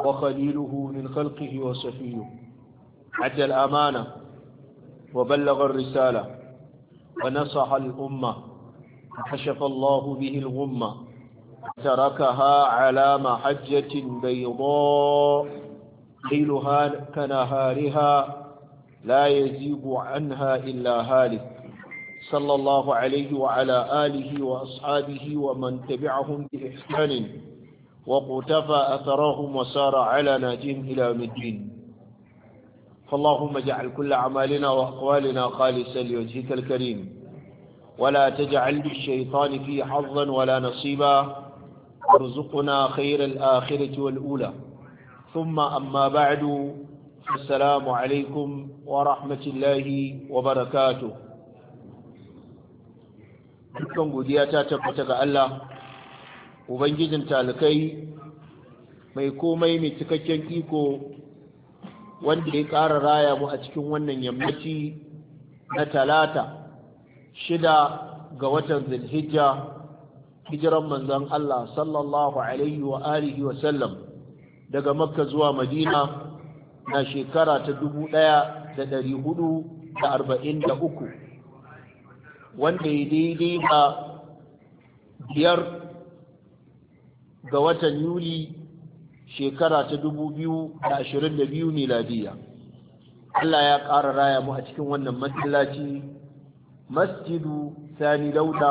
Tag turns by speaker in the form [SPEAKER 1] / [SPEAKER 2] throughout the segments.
[SPEAKER 1] وخليله من خلقه وسفيه أدى الأمانة وبلغ الرسالة ونصح الأمة وحشف الله به الغمة تركها على محجة بيضاء ليلها كنهارها لا يزيب عنها إلا هالك صلى الله عليه وعلى آله وأصحابه ومن تبعهم بإحسان وقتفى أثرهم وسار على ناجهم إلى يوم الدين فاللهم اجعل كل أعمالنا وأقوالنا خالصا لوجهك الكريم ولا تجعل للشيطان في حظا ولا نصيبا ارزقنا خير الآخرة والأولى ثم أما بعد السلام عليكم ورحمة الله وبركاته dukkan godiya ta tabbata ga Allah ubangijin talikai mai komai mai cikakken iko wanda ya ƙara raya mu a cikin wannan yammaci na talata shida ga watan zulhijja hijiran manzon Allah sallallahu alaihi wa alihi wa sallam daga makka zuwa madina na shekara ta dubu ɗaya da ɗari hudu da arba'in da uku wanda ya daidai biyar ga watan yuli shekara ta 2022 miladiya Allah ya ƙara raya mu a cikin wannan masallaci masjidu sani dauda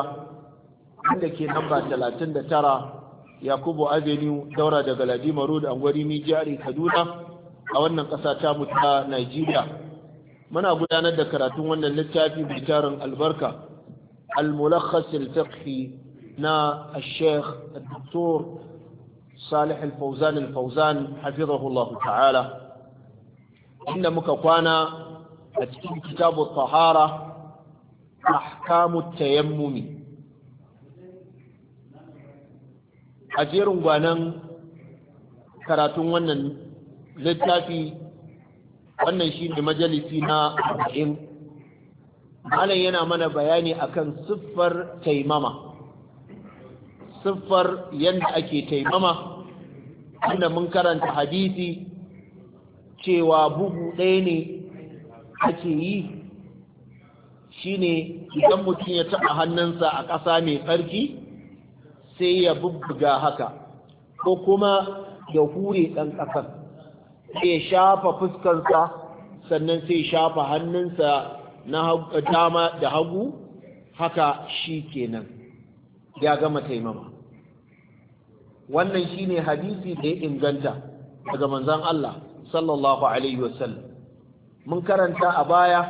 [SPEAKER 1] wanda ke namba 39 yakubu avenue daura daga ladima road angwari jari kaduna a wannan ƙasa ta mu ta nigeria muna gudanar da karatun wannan littafi mai tarin albarka al-mulakhas fiqhi na Sheikh Dr. Salih Al-Fauzan Al-Fauzan hafizahullah ta'ala inda muka kwana a cikin kitabu tahara ahkamu tayammumi a jerin gwanan karatun wannan littafi wannan shi ne majalisi na arba'in malam yana mana bayani akan siffar taimama siffar yadda ake taimama inda mun karanta hadisi cewa bugu ɗaya ne ake yi shine idan mutum ya taɓa hannunsa a ƙasa mai tsarki sai ya bubbuga haka ko kuma ya hure ɗan ƙasar sai ya shafa fuskarsa sannan sai ya shafa hannunsa na dama da hagu haka shi kenan ya gama taimama wannan shine hadisi da ya inganta daga manzan Allah sallallahu alaihi wasallam mun karanta a baya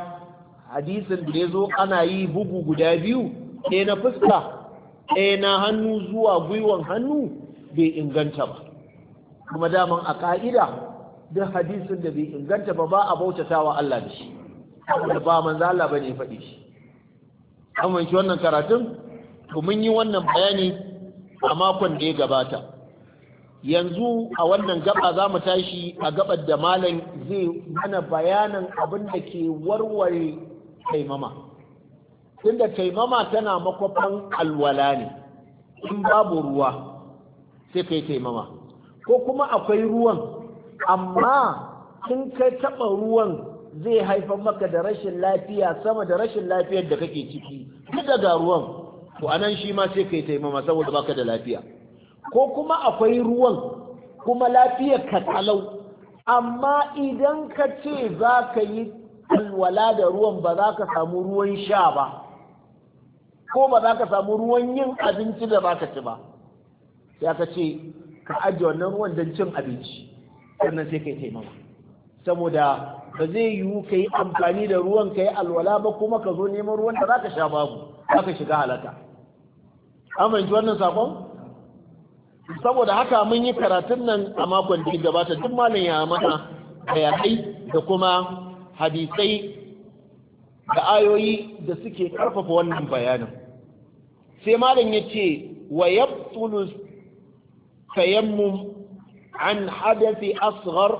[SPEAKER 1] hadisin da ya zo ana yi bugu guda biyu ɗaya na fuska ɗaya na hannu zuwa gwiwan hannu bai inganta ba kuma daman a ka'ida duk hadisin da bai inganta ba ba a bautata wa Allah da shi saboda ba manzan Allah ne ya faɗi shi an shi wannan karatun to mun yi wannan bayani a makon da ya gabata yanzu a wannan gaba za mu tashi a gabar da malam zai mana bayanan abin da ke warware taimama inda taimama tana makwafan alwala ne in babu ruwa sai kai taimama ko kuma akwai ruwan amma in kai taɓa ruwan zai haifar maka da rashin lafiya sama da rashin lafiyar da kake ciki duk ga ruwan to anan shi ma sai kai taimama saboda baka da lafiya ko kuma akwai ruwan kuma lafiyar ka talau amma idan ka ce za ka yi alwala da ruwan ba za ka samu ruwan sha ba ko ba za ka samu ruwan yin abinci da za ka ci ba ya ka ce ka ajiye wannan ruwan don cin abinci sannan sai ka yi taimama saboda ba zai yiwu ka yi amfani da ruwan ka yi alwala ba kuma ka zo neman ruwan da za ka sha babu za ka shiga halaka amince wannan sakon saboda haka mun yi karatun nan a makon da ya gabata duk malam ya mana bayanai da kuma hadisai da ayoyi da suke karfafa wannan bayanin sai malam ya ce wa ya tayammum an hadathi asghar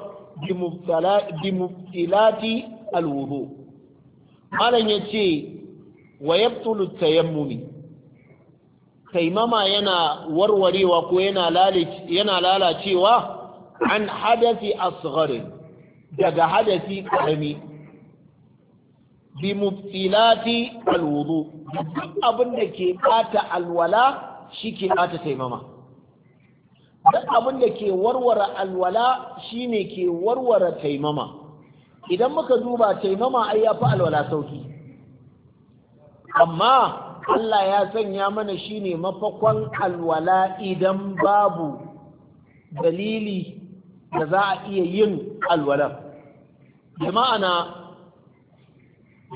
[SPEAKER 1] bimubtilati alwudu malam ya ce wa yabtulu tayammumi taimama yana warwarewa ko yana lalacewa an hadasi asgharin daga hadasi karami bi mubtilati alwudu abin da ke bata alwala shi ke bata taimama duk abin da ke warware alwala shine ke warware taimama idan muka duba taimama ai yafi alwala sauki amma Allah ya sanya mana shine mafakon alwala idan babu dalili da za a iya yin alwala da ma'ana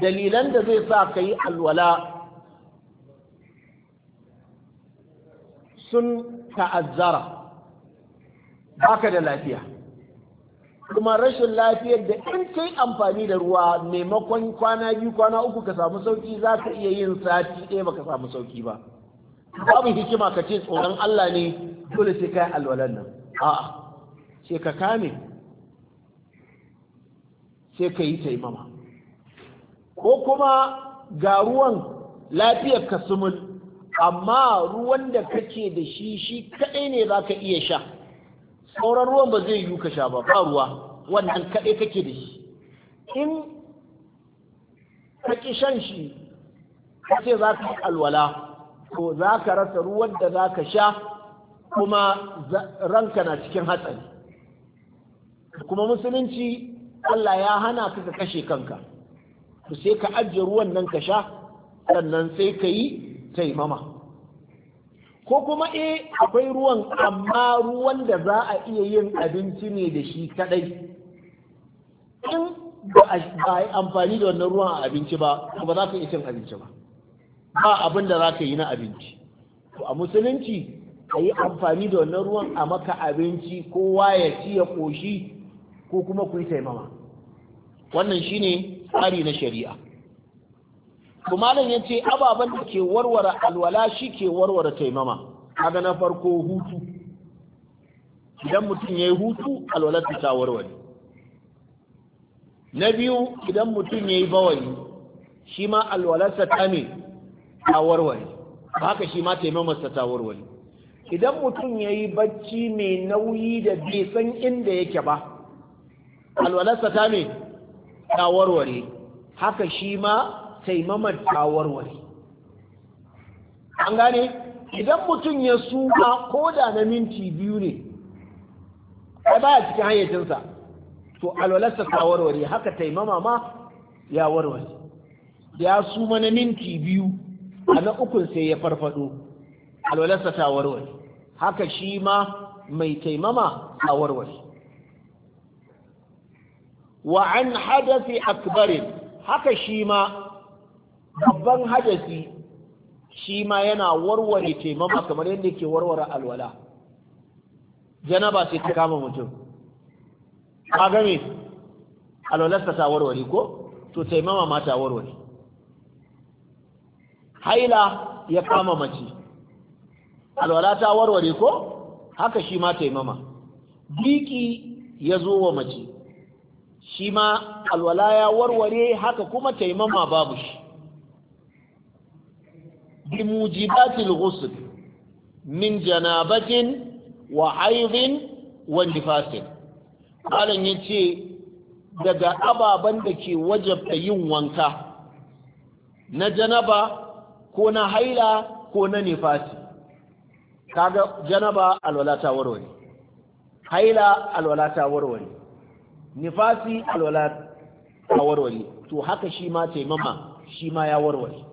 [SPEAKER 1] dalilan da zai sa ka yi alwala sun ta'azzara baka da lafiya kuma rashin lafiyar da in kai amfani da ruwa maimakon kwana biyu kwana uku ka samu sauki za ka iya yin sati ɗaya baka samu sauki ba babu hikima ka ce tsoron Allah ne dole sai kai alwalan nan a'a sai ka kame sai ka yi taimama ko kuma ga ruwan lafiyar ka sumul amma ruwan da kake da shi shi kaɗai ne za ka iya sha sauran ruwan ba zai yiwu ka sha ba ba ruwa wannan kaɗai kake da shi in ka ƙi shan shi ka ce za ka yi alwala to za ka rasa ruwan da za ka sha kuma ranka na cikin hatsari kuma musulunci Allah ya hana ka ka kashe kanka to sai ka ajiye ruwan nan ka sha sannan sai ka yi taimama ko kuma eh akwai ruwan amma ruwan da za a iya yin abinci ne da shi kadai in ba a yi amfani da wannan ruwan a abinci ba ba za ka iya cin abinci ba ba abin da za ka yi na abinci to a musulunci a yi amfani da wannan ruwan a maka abinci kowa ya ci ya koshi ko kuma ku yi taimama wannan shine tsari na shari'a malam ya ce ababen da ke warware alwala shi ke warware taimama kaga na farko hutu idan mutum ya yi hutu alwala ta warware na biyu idan mutum ya yi bawani, shi ma alwalarsa ta ne ta warware haka shi ma taimamarsa ta warware idan mutum ya yi bacci mai nauyi da bai san inda yake ba alwalarsa ta ne ta warware haka shi ma taimamar tawarware an gane idan mutum ya suma ko da na minti biyu ne ai baya cikin hayyacinsa to alwalarsa ta warware haka taimama ma ya warware ya suma na minti biyu a na ukun sai ya farfado alwalarsa ta warware haka shi ma mai taimama a warware wa an hadasi akbarin haka shi ma babban hadasi shi ma yana warware taimama kamar yadda ke warware alwala janaba sai ta kama mutum a game alwalarsa ta warware ko to taimama ma ta warware haila ya kama mace alwala ta warware ko haka shi ma taimama biki ya zo wa mace shi ma alwala ya warware haka kuma taimama babu shi bimujibatil ghusl min janabatin wa haidin wa nifasin malam yace daga ababen da ke wajabta yin wanka na janaba ko na haila ko na nifasi kaga janaba alwalata ta warware haila alwalata ta warware nifasi alwalata ta warware to haka shi ma taimama shi ma ya warware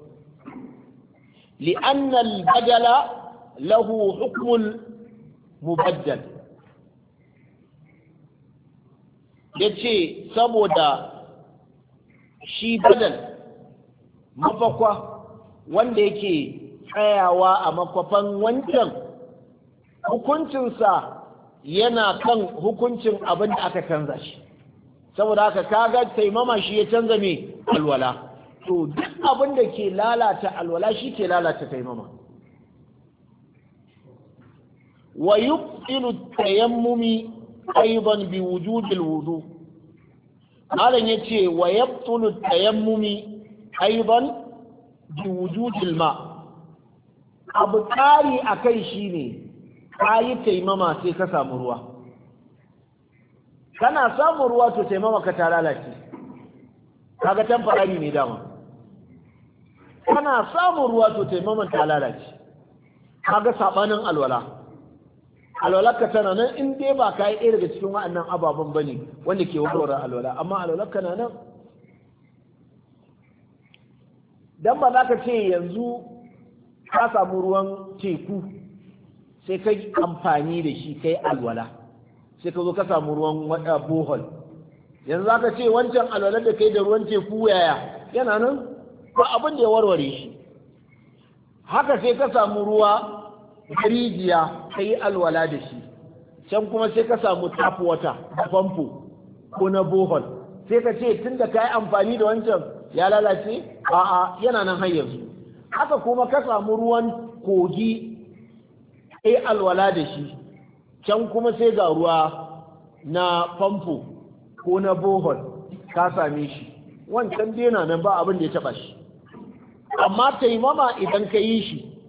[SPEAKER 1] Li'annan لأن البدل له حكم ya ce saboda shi badal mafakwa wanda yake tsayawa a makwafan wancan hukuncinsa yana kan hukuncin abin da aka canza shi saboda haka kaga taimama shi ya canza mai alwala to duk abin da ke lalata alwala shi ke lalata taimama wa yubtilu tayammumi aidan bi wujudil wudu malam yace wa yubtilu tayammumi aidan bi wujudil ma abu tsari ne. shine kayi taimama sai ka samu ruwa kana samun ruwa to taimama ka ta lalace kaga tamfarari ne dama kana samun ruwa to taimaman ta lalace kaga sabanin alwala
[SPEAKER 2] alwalarka tana
[SPEAKER 1] nan in dai ba ka yi ɗaya daga cikin wa'annan ababen bane wanda ke warware alwala amma alwalarka na nan dan ba za ka ce yanzu ka samu ruwan teku sai ka amfani da shi kai alwala sai ka zo ka samu ruwan bohol yanzu za ka ce wancan alwalar da kai da ruwan teku yaya yana nan ba abin da ya warware shi haka sai ka samu ruwa rijiya ka yi alwala da shi can kuma sai ka samu tap water da famfo ko na bohol sai ka ce tun da ka yi amfani da wancan ya lalace a'a yana nan har yanzu haka kuma ka samu ruwan kogi ka yi alwala da shi can kuma sai ga ruwa na famfo ko na bohol ka same shi wancan dai na nan ba abin da ya taba shi amma taimama idan ka yi shi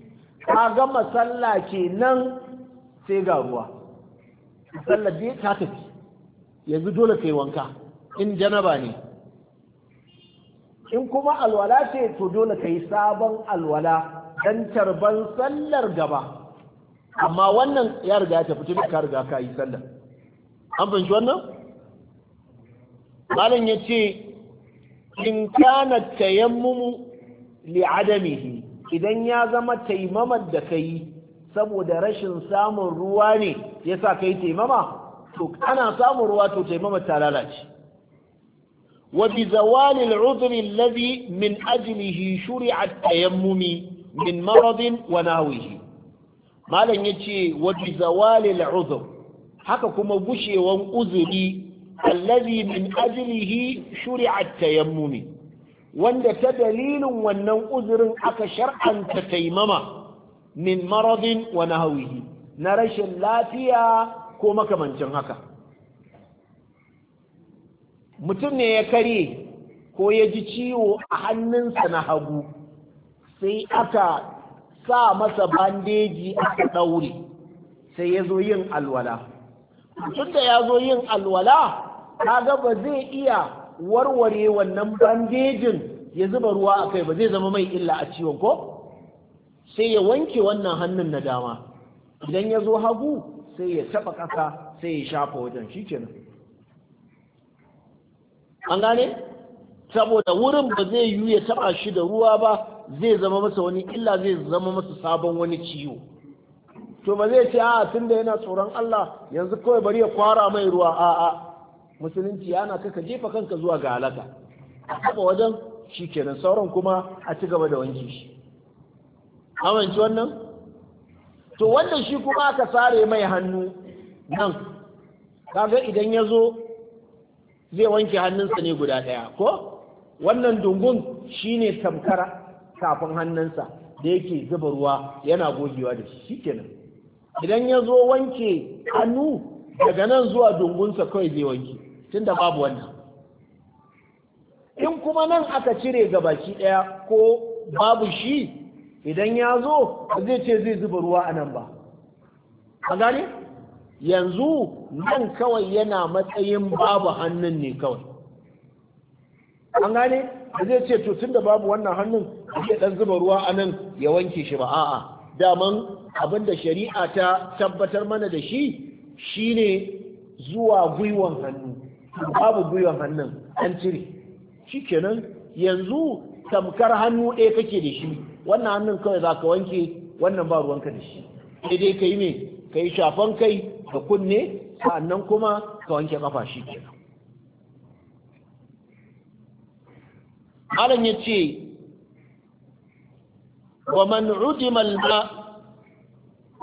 [SPEAKER 1] ka gama sallah ke nan sai ga ruwa sallah biyu ta tafi yanzu dole sai wanka in janaba ne in kuma alwala ce to dole ka yi sabon alwala don tarban sallar gaba amma wannan ya riga ta fito ka riga ka yi sallar an fahimci wannan malam ya ce in kana tayammumu li'adamihi idan ya zama taimamar da kai saboda rashin samun ruwa ne yasa kai taimama to ana samun ruwa to taimamar ta lalace wa bi zawali al'udri alladhi min ajlihi shuri'a tayammumi min maradin wa nahwihi malam yace wa bi zawalil al'udhr haka kuma gushewan uzuri alladhi min ajlihi shuri'a tayammumi wanda ta dalilin wannan uzurin aka shar'anta taimama min maradin wa nahawihi na rashin lafiya ko makamancin haka mutum ne ya karye ko ya ji ciwo a hannunsa na hagu sai aka sa masa bandeji aka ɗaure sai ya zo yin alwala tun da ya zo yin alwala ta ba zai iya warware wannan bandejin ya zuba ruwa a kai ba zai zama mai illa a ciwon ko sai ya wanke wannan hannun na dama idan ya zo hagu sai ya taba kasa sai ya shafa wajen shi an gane saboda wurin ba zai yi ya taba shi da ruwa ba zai zama masa wani illa zai zama masa sabon wani ciwo to ba zai ce a da yana tsoron Allah yanzu kawai bari ya kwara mai ruwa a'a musulunci yana ka ka jefa kanka zuwa ga halaka a taba wajen shi kenan sauran kuma a ci gaba da wanke shi amince wannan to wanda shi kuma aka sare mai hannu nan kaga idan ya zo zai wanke hannunsa ne guda ɗaya ko wannan dungun ne tamkar kafin hannunsa da yake zuba ruwa yana gogewa da shi kenan idan ya zo wanke hannu daga nan zuwa dungunsa kawai zai wanke tunda babu wannan in kuma nan aka cire baki ɗaya ko babu shi idan ya zo zai ce zai zuba ruwa a nan ba a gane yanzu nan kawai yana matsayin babu hannun ne kawai an gane zai ce to tunda babu wannan hannun zai dan zuba ruwa a nan ya wanke shi ba a'a daman abin da shari'a ta tabbatar mana da shi shine zuwa gwiwon hannu babu gwiwa hannun an cire kenan yanzu tamkar hannu ɗaya kake da shi wannan hannun kawai za ka wanke wannan ba ruwanka da shi sai dai ka yi ne ka yi shafan kai da kunne sannan kuma ka wanke kafa shi kenan malam ya ce wa man udima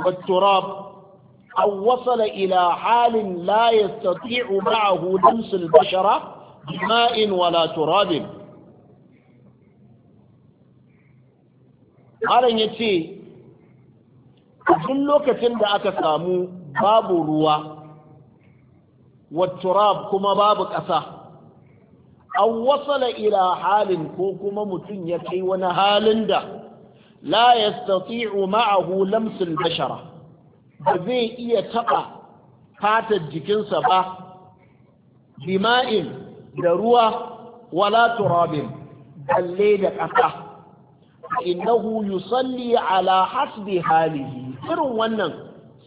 [SPEAKER 1] wa turab أو وصل إلى حال لا يستطيع معه لمس البشرة بماء ولا تراب malam ya ce duk lokacin da aka samu babu ruwa watturab kuma babu ƙasa an wasala ila halin ko kuma mutum ya kai wani halin da la yastati'u ma'ahu lamsul bashara ba zai iya taɓa fatar jikinsa ba bima'in da ruwa wala turabin balle da ƙasa innahu yusalli ala hasbi halihi irin wannan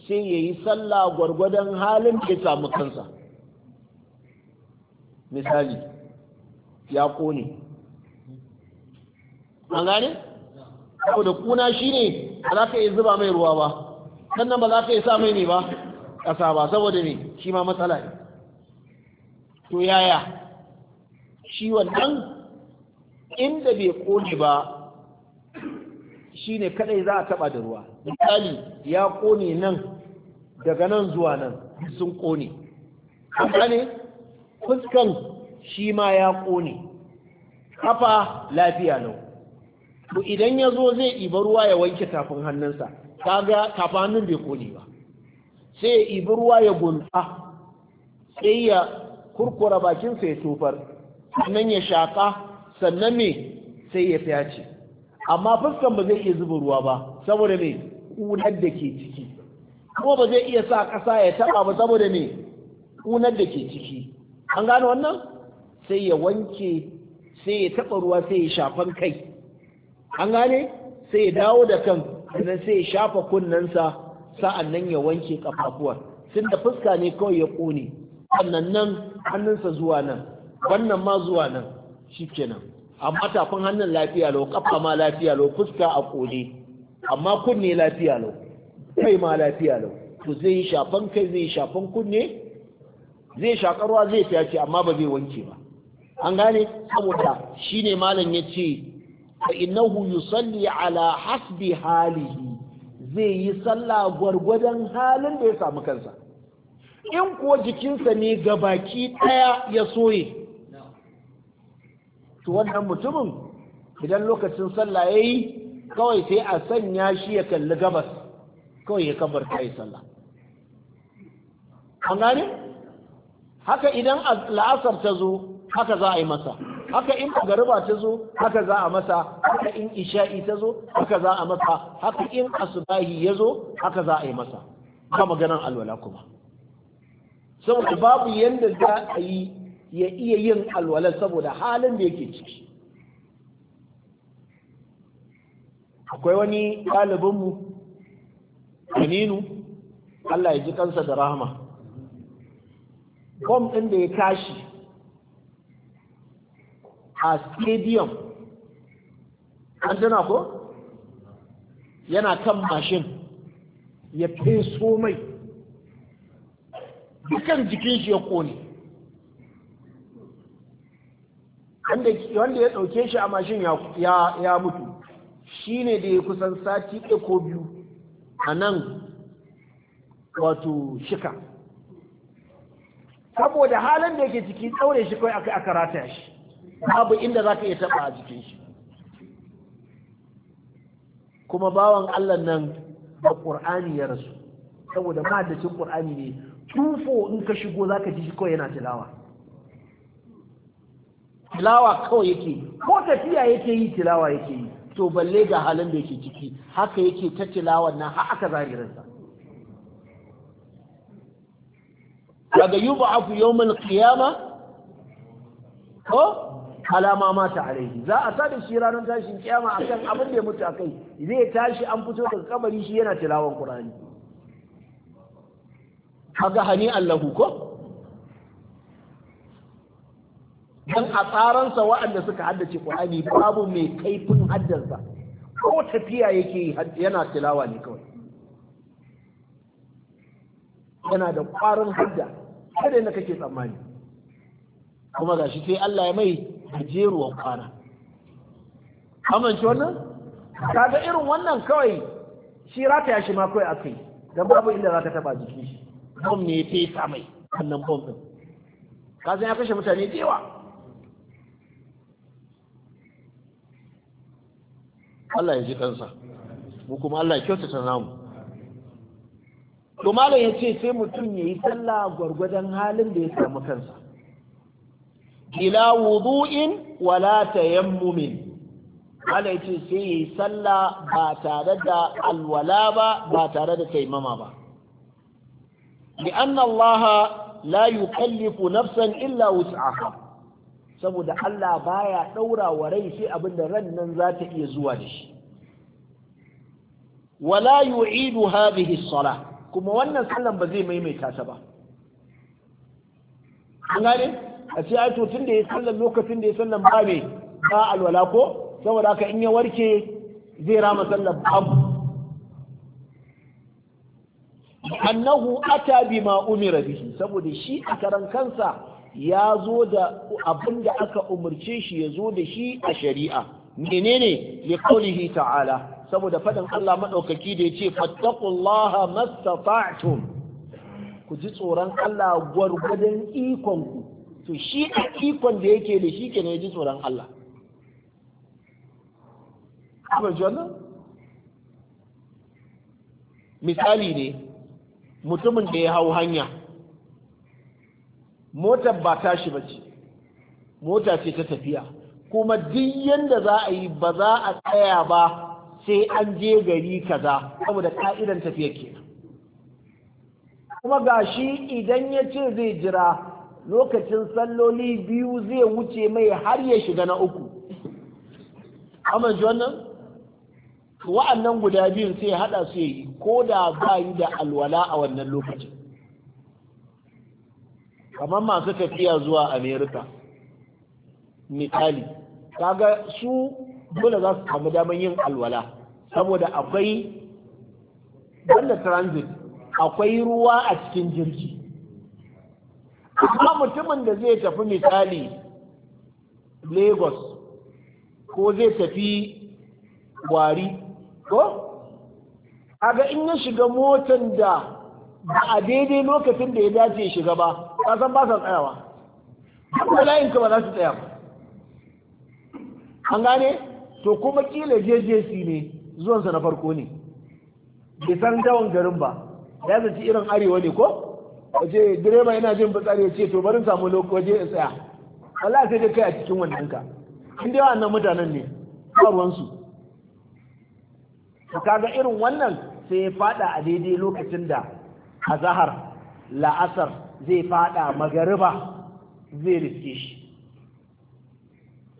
[SPEAKER 1] sai yayi sallah gwargwadon halin da ya samu kansa misali ya kone an gane? saboda kuna shi ne ba za ka iya zuba mai ruwa ba sannan ba za ka yi sa mai ne ba ƙasa ba saboda ne shi ma matsala ne to yaya shi wannan inda bai ƙone ba shi ne kadai za a taba da ruwa misali ya ƙone nan daga nan zuwa nan sun kone haka ne fuskan shi ma ya ƙone. kafa lafiya lau to idan ya zo zai ɗiba ruwa ya wanke tafin hannunsa kaga kafanin bai kone ba sai ya ibi ruwa ya gunta sai ya kurkura bakinsa ya tofar sannan ya shaƙa sannan me sai ya fyace amma fuskan ba zai iya zuba ruwa ba saboda me ƙunar da ke ciki kuma ba zai iya sa ƙasa ya taɓa ba saboda me ƙunar da ke ciki an gano wannan sai ya wanke sai ya taɓa ruwa sai ya shafan kai an gane sai ya dawo da kan sannan sai ya shafa kunnensa sa'an nan ya wanke kafafuwan tun da fuska ne kawai ya ƙone sannan nan hannunsa zuwa nan wannan ma zuwa nan shi kenan. amma tafin hannun lafiya lau kafa ma lafiya lau fuska a ƙone amma kunne lafiya lau kai ma lafiya lau to zai yi shafan kai zai yi shafan kunne zai shakarwa zai ce amma ba zai wanke ba an gane saboda shine malam ya ce fa innahu yusalli ala hasbi halihi zai yi sallah gwargwadon halin da ya samu kansa in kuwa jikinsa ne ga baki ɗaya ya soye to wannan mutumin idan lokacin sallah yayi kawai sai a sanya shi ya kalli gabas kawai ya kabar ta sallah an gane haka idan la'asar ta zo haka za a yi masa haka in magariba ta zo haka za a masa haka in isha'i ta zo haka za a masa haka in asubahi ya zo haka za a yi masa ba maganan alwala kuma saboda babu yadda za a yi ya iya yin alwala saboda halin da yake ciki akwai wani ɗalibinmu aminu Allah ya ji kansa da rahama bom ɗin da ya tashi a stadium an jana ko yana kan mashin ya feso mai Dukkan jikin shi ya kone wanda ya ɗauke shi a mashin ya mutu shi ne da ya kusan sati ɗaya ko biyu a nan wato shika saboda halin da yake ciki tsaure shi kawai aka aka rata shi babu inda za ka iya taba a jikin shi kuma bawan Allah nan da ƙur'ani ya rasu saboda mahaddacin ƙur'ani ne tufo in ka shigo za ka ji shi kawai yana tilawa tilawa kawai yake ko tafiya yake yi tilawa yake yi to balle ga halin da yake ciki haka yake ta tilawa na har aka zahirinsa daga yuba afu yawmal qiyama ko alama mata alaihi za a sada shi ranar tashin kiyama kan abin da ya mutu a kai, zai tashi an fito daga kabari shi yana tilawan qur'ani kaga hani allahu ko Don a tsaransa waɗanda suka haddace kurani babu mai kaifin haddarsa ko tafiya yake yana tilawa ne kawai yana da ƙwarin hadda kada yana kake tsammani kuma gashi sai Allah ya mai gajeruwar kwana amince wannan kaga irin wannan kawai shi rata ya shi ma kawai akai Don babu inda ta taba jikin shi bom ne ta yi samai wannan bom din kaza ya kashe mutane da yawa Allah ya ji kansa mu kuma Allah ya kyautata namu to malam ya ce sai mutum ya yi sallah gwargwadon halin da ya samu kansa bila wudu'in wala tayammumin Allah ya sai yi sallah ba tare da alwala ba ba tare da taimama ba li'anna Allah la yukallifu nafsan illa wus'aha saboda Allah baya daura wa rai sai abin da ran nan za ta iya zuwa da shi wala yu'idu hadhihi as-salah kuma wannan sallan ba zai maimaita ta ba an gane a ce ai to tun da ya sallan lokacin da ya sallan ba me ba alwala ko saboda haka in ya warke zai rama sallan babu annahu ata bima umira bihi saboda shi a karan kansa ya zo da abin aka umarce shi ya zo da shi a shari'a menene li qawlihi ta'ala saboda faɗin Allah maɗaukaki da ya ce fattakullaha mastata'tum ku ji tsoron Allah gwargwadon ikonku to shi a ikon da yake da shi ke ne tsoron Allah misali ne mutumin da ya hau hanya mota ba shi ba ce mota ce ta tafiya kuma duk yadda za a yi ba za a tsaya ba sai an je gari kaza saboda ka'idan tafiya ke. kuma ga shi idan ya ce zai jira lokacin salloli biyu zai wuce mai har ya shiga na uku amince wannan wa'annan guda biyun sai hada su yi ko da bayi da alwala a wannan lokacin kamar masu tafiya zuwa amerika misali kaga su dole za su samu daman yin alwala saboda akwai wanda transit akwai ruwa a cikin jirgi amma mutumin da zai tafi misali lagos ko zai tafi gwari ko aga in ya shiga motan da ba a daidai lokacin da ya dace ya shiga ba kasan ba san tsayawa kuma layin ka ba za su tsaya ba an gane to kuma kila jjc ne zuwansa na farko ne bai san garin ba ya zaci irin arewa ne ko waje direba yana jin fitsari ya ce to barin samu lokaci waje ya tsaya Allah sai dai kai a cikin wannan ka in dai wannan mutanen ne ba ruwansu to kaga irin wannan sai ya fada a daidai lokacin da azahar la'asar zai fada magariba zai riske shi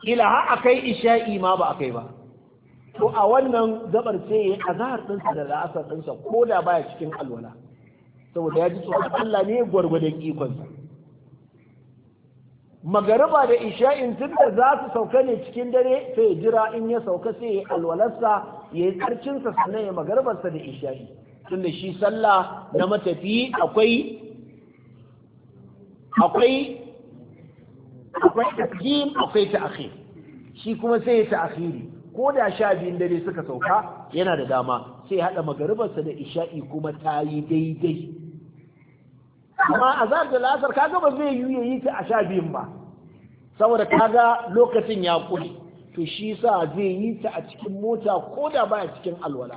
[SPEAKER 1] kila har akai isha'i ma ba akai ba to a wannan gabar sai azahar dinsa da la'asar dinsa ko da baya cikin alwala saboda ya ji tsoron Allah ne gwargwadon ikonsa magariba da isha'in tun da za su sauka ne cikin dare sai jira in ya sauka sai ya alwalarsa ya yi karcinsa sannan ya magaribarsa da isha'i tun da shi sallah na matafi akwai akwai akwai tasjim akwai shi kuma sai ya ta'akhiri ko da sha biyun dare suka sauka yana da dama sai ya haɗa magaribarsa da isha'i kuma ta yi daidai amma azhar da la'asar kaga ba zai yi yi ta a sha biyun ba saboda kaga lokacin ya kuli to shi sa zai yi ta a cikin mota ko da ba a cikin alwala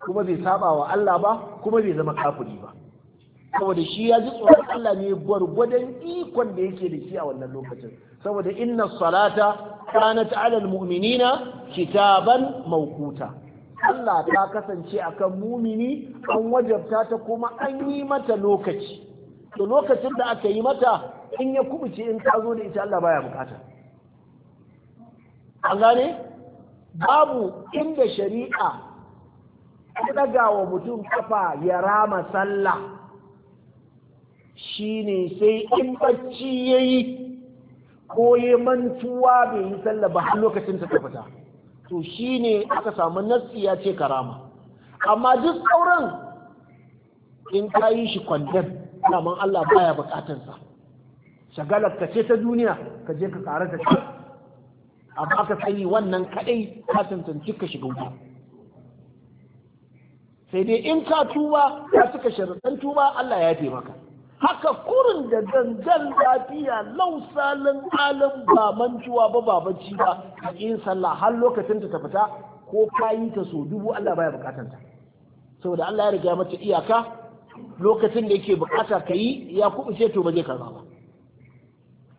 [SPEAKER 1] kuma zai saba wa Allah ba kuma zai zama kafuri ba saboda shi ya ji tsoron Allah ne gwargwadon ikon da yake da shi a wannan lokacin saboda inna salata kanat ala almu'minina kitaban mawquta Allah ta kasance akan mumini an wajabta ta kuma an yi mata lokaci to lokacin da aka yi mata in ya kubuce in ta zo da ita Allah baya bukata an gane babu inda shari'a ta daga wa mutum kafa ya rama sallah shine sai in bacci yayi ko ya mantuwa bai yi sallah ba har lokacin ta fita to shine aka samu nassi ya ce karama amma duk sauran in ka yi shi kwandon daman Allah baya bukatansa. sa shagalar ka ce ta duniya ka je ka kare ta ba aka sani wannan kadai ka tantance ka shiga wuta sai dai in ka tuba ka suka sharadan tuba Allah ya yi maka haka kurin da dandan lafiya lausalin alam ba mantuwa ba ba bacci ba a yin sallah har lokacin ta fita ko kayi ta so dubu Allah baya bukatar ta saboda Allah ya riga mata iyaka lokacin da yake bukata ka yi ya kubuce to ba zai karba ba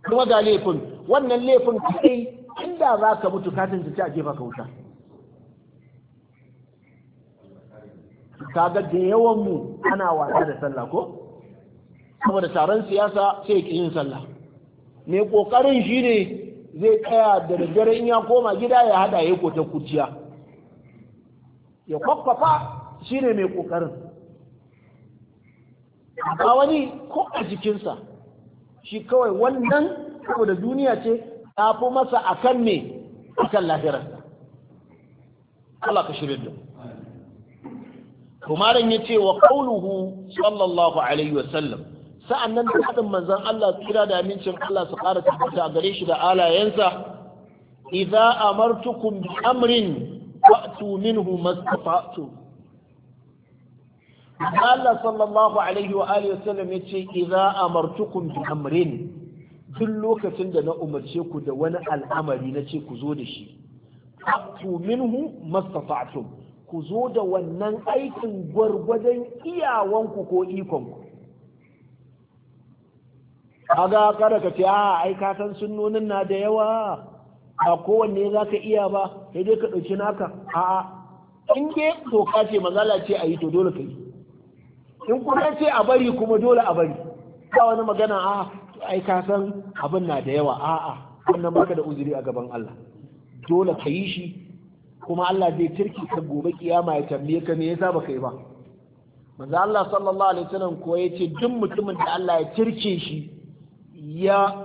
[SPEAKER 1] kuma ga laifin wannan laifin kai inda za ka mutu katin ta a jefa ka wuta kaga da yawan mu ana wasa da sallah ko saboda taron siyasa sai ki yin sallah mai kokarin ne zai tsaya da daddare in ya koma gida ya haɗa ya yi kotar kuciya ya kwakwafa shi ne mai ƙoƙarin. ba wani ko a jikinsa shi kawai wannan saboda duniya ce ta fi masa a kan me a kan lahirarsa Allah ka shirin da kumarin ya ce wa ƙauluhu sallallahu alaihi wasallam sa'an nan da haɗin manzan Allah kira da amincin Allah su ƙara tabbata a gare shi da alayensa idza amartukum bi amrin fa'tu minhu mastata'tum Allah sallallahu alaihi wa alihi wasallam ya ce idza amartukum bi amrin duk lokacin da na umarce ku da wani al'amari na ce ku zo da shi min minhu mastata'tum ku zo da wannan aikin gwargwadon iyawanku ko ikonku kaga kada ka ce a ai ka san sunnonin na da yawa a kowanne za ka iya ba sai dai ka ɗauki naka a'a in dai doka ce ce a yi to dole ka yi in kuma ce a bari kuma dole a bari ba wani magana a ai ka san abin na da yawa a'a wannan baka da uzuri a gaban Allah dole ka yi shi kuma Allah zai turki ka gobe kiyama ya tambaye ka me yasa baka yi ba manzo Allah sallallahu alaihi wasallam ko ce duk mutumin da Allah ya turke shi ya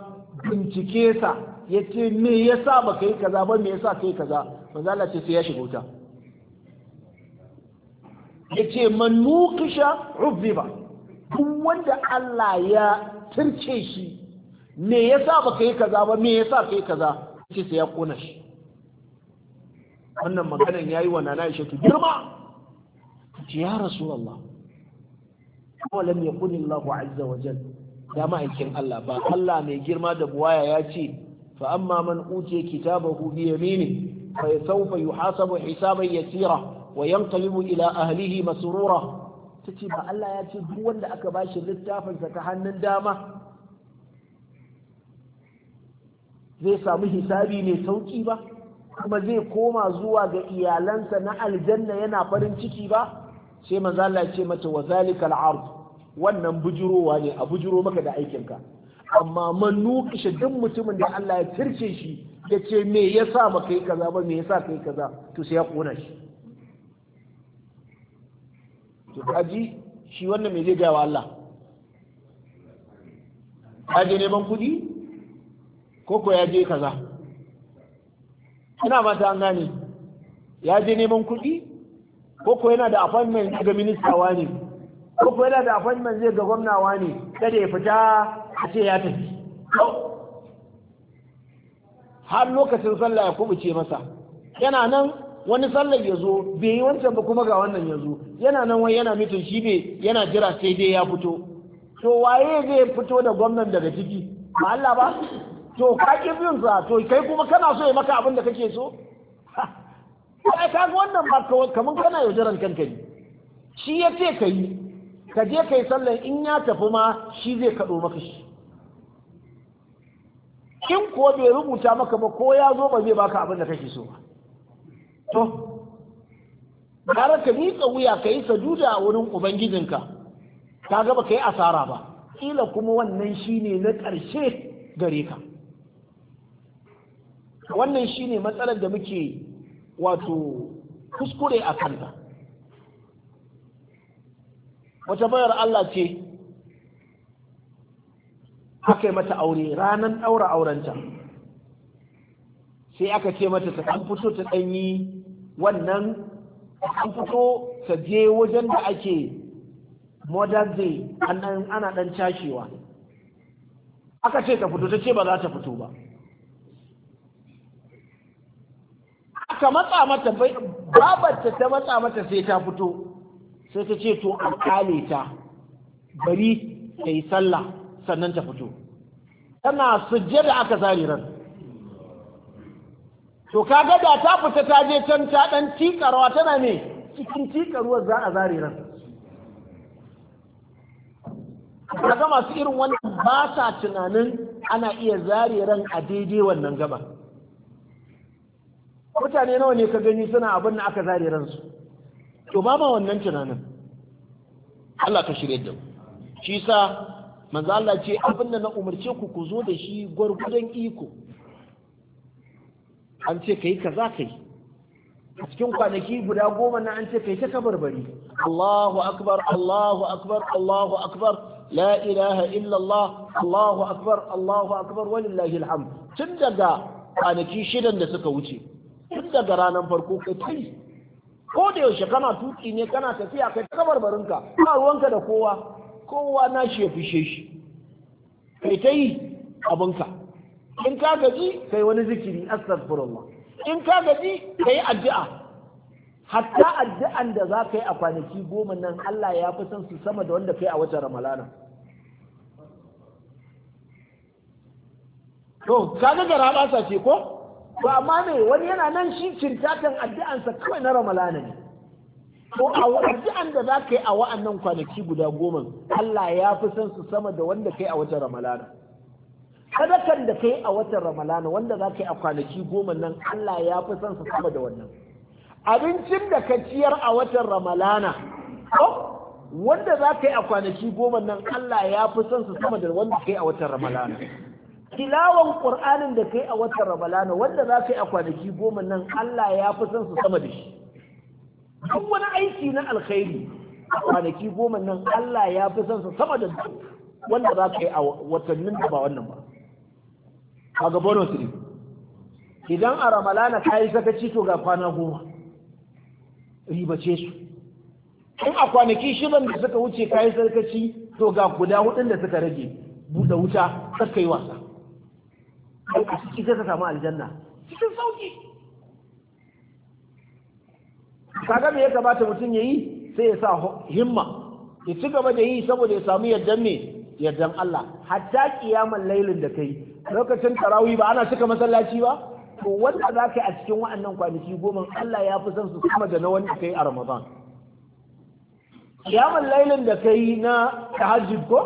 [SPEAKER 1] bincike sa ya ce me yasa baka yi kaza ba me yasa kai kaza manzo Allah ce sai ya shiga wuta ya ce manukisha rufiba duk wanda Allah ya turce shi me yasa baka yi kaza ba me yasa ka yi kaza ce sai ya kona shi wannan maganan yi wa nana Aisha tu girma ce ya rasu Allah kuma lam kuni Allah wa aiza wajen da ma'aikin Allah ba Allah mai girma da buwaya ya ce fa amma man uce kitabahu bi yamini fa sawfa yuhasabu hisaban yasira wa yanqalibu ila ahlihi masrura tace ba Allah ya ce duk wanda aka bashi littafin sa ta hannun dama zai samu hisabi ne sauki ba kuma zai koma zuwa ga iyalansa na aljanna yana farin ciki ba sai manzo Allah ya ce mata wa zalikal ard wannan bujurowa ne a bujuro maka da aikinka amma man nukisha duk mutumin da Allah ya tirce shi yace me yasa ba kai kaza ba me yasa kai kaza to sai ya kona shi to kaji shi wannan me zai gaya wa Allah ya je neman kuɗi ko ko ya je kaza ina mata an gane ya je neman kuɗi ko ko yana da appointment ga wa ne ko ko yana da appointment zai ga wa ne kada ya fita a ce ya tafi har lokacin sallah ya kubuce masa yana nan wani sallar ya zo bai yi wancan ba kuma ga wannan ya zo yana nan wai yana mitin shi bai yana jira sai dai ya fito to waye zai fito da gwamnan daga ciki ba Allah ba to ka ki bin sa to kai kuma kana so ya maka abin da kake so ai ka ga wannan ba kaman kana jiran kanka ne shi ya ce ka yi ka je ka yi sallar in ya tafi ma shi zai kaɗo maka shi in kuwa bai rubuta maka ba ko ya zo ba zai baka abin da kake so ba to gara ka miƙa wuya ka yi sajuda a wurin ubangijinka ka ga ba ka yi asara ba ƙila kuma wannan shine na ƙarshe gare ka wannan shine matsalar da muke wato kuskure a kanta wata bayar Allah ce aka yi mata aure ranar ɗaura aurenta sai aka ce mata ta kan fito ta ɗanyi wannan an fito ta je wajen da ake modern day ana dan cashewa aka ce ta fito ta ce ba za ta fito ba aka matsa mata babarta ta matsa mata sai ta fito sai ta ce to an kale ta bari ta yi sallah sannan ta fito tana da aka zariran. to kaga da ta fita ta je can ta dan tikarwa tana ne cikin tikaruwar za a zare ran kaga masu irin wannan ba sa tunanin ana iya zare ran a daidai wannan gaba mutane nawa ne ka gani suna abin da aka zare ransu to ba ma wannan tunanin Allah ka shirye da shi sa manzo Allah ce abin da na umarce ku ku zo da shi gwargwadon iko an ce kai kaza kai a cikin kwanaki guda goma na an ce kai ta kabarbari Allahu akbar Allahu akbar Allahu akbar la ilaha illallah Allahu akbar Allahu akbar walillahi alhamd tun daga kwanaki shidan da suka wuce tun daga ranar farko kai tai ko da yaushe kana tuki ne kana tafiya kai ta barinka, ba ruwanka da kowa kowa na shi ya fishe shi kai tai abinka in ka gaji kai wani zikiri astaghfirullah in ka gaji kai addu'a hatta addu'an da za ka yi a kwanaki goma nan Allah ya fi son su sama da wanda kai a watan Ramalana to ga gara ba ce ko to amma me wani yana nan shi cintakan addu'ansa kawai na Ramalana ne ko a addu'an da za ka yi a wa'annan kwanaki guda goma Allah ya fi son su sama da wanda kai a watan Ramalana sadakan da kai a watan ramalana wanda za ka yi a kwanaki goma nan Allah ya fi son su sama da wannan abincin da ka ciyar a watan ramalana wanda za ka yi a kwanaki goma nan Allah ya fi son su sama da wanda kai a watan ramalana tilawan qur'anin da kai a watan ramalana wanda za ka yi a kwanaki goma nan Allah ya fi son su sama da shi duk wani aiki na alkhairi a kwanaki goma nan Allah ya fi son su sama da duk wanda za ka yi a watannin da ba wannan ba kaga bonus ne idan a ramalana kai saka ci to ga kwana goma ce su in a kwanaki shirin da suka wuce kai sarkaci to ga guda hudun da suka rage buɗe wuta suka yi wasa a ciki sai ka samu aljanna
[SPEAKER 2] cikin sauki
[SPEAKER 1] kaga me ya kamata mutum ya yi sai ya sa himma ya ci gaba da yi saboda ya samu yardan me yardan Allah hatta kiyamar lailin da kai lokacin tarawih ba ana cika masallaci ba to wanda za ka yi a cikin wa'annan kwanaki goma Allah ya fi son su sama da na wanda kai a Ramadan. kiyamar lailin da kai na tahajjud ko?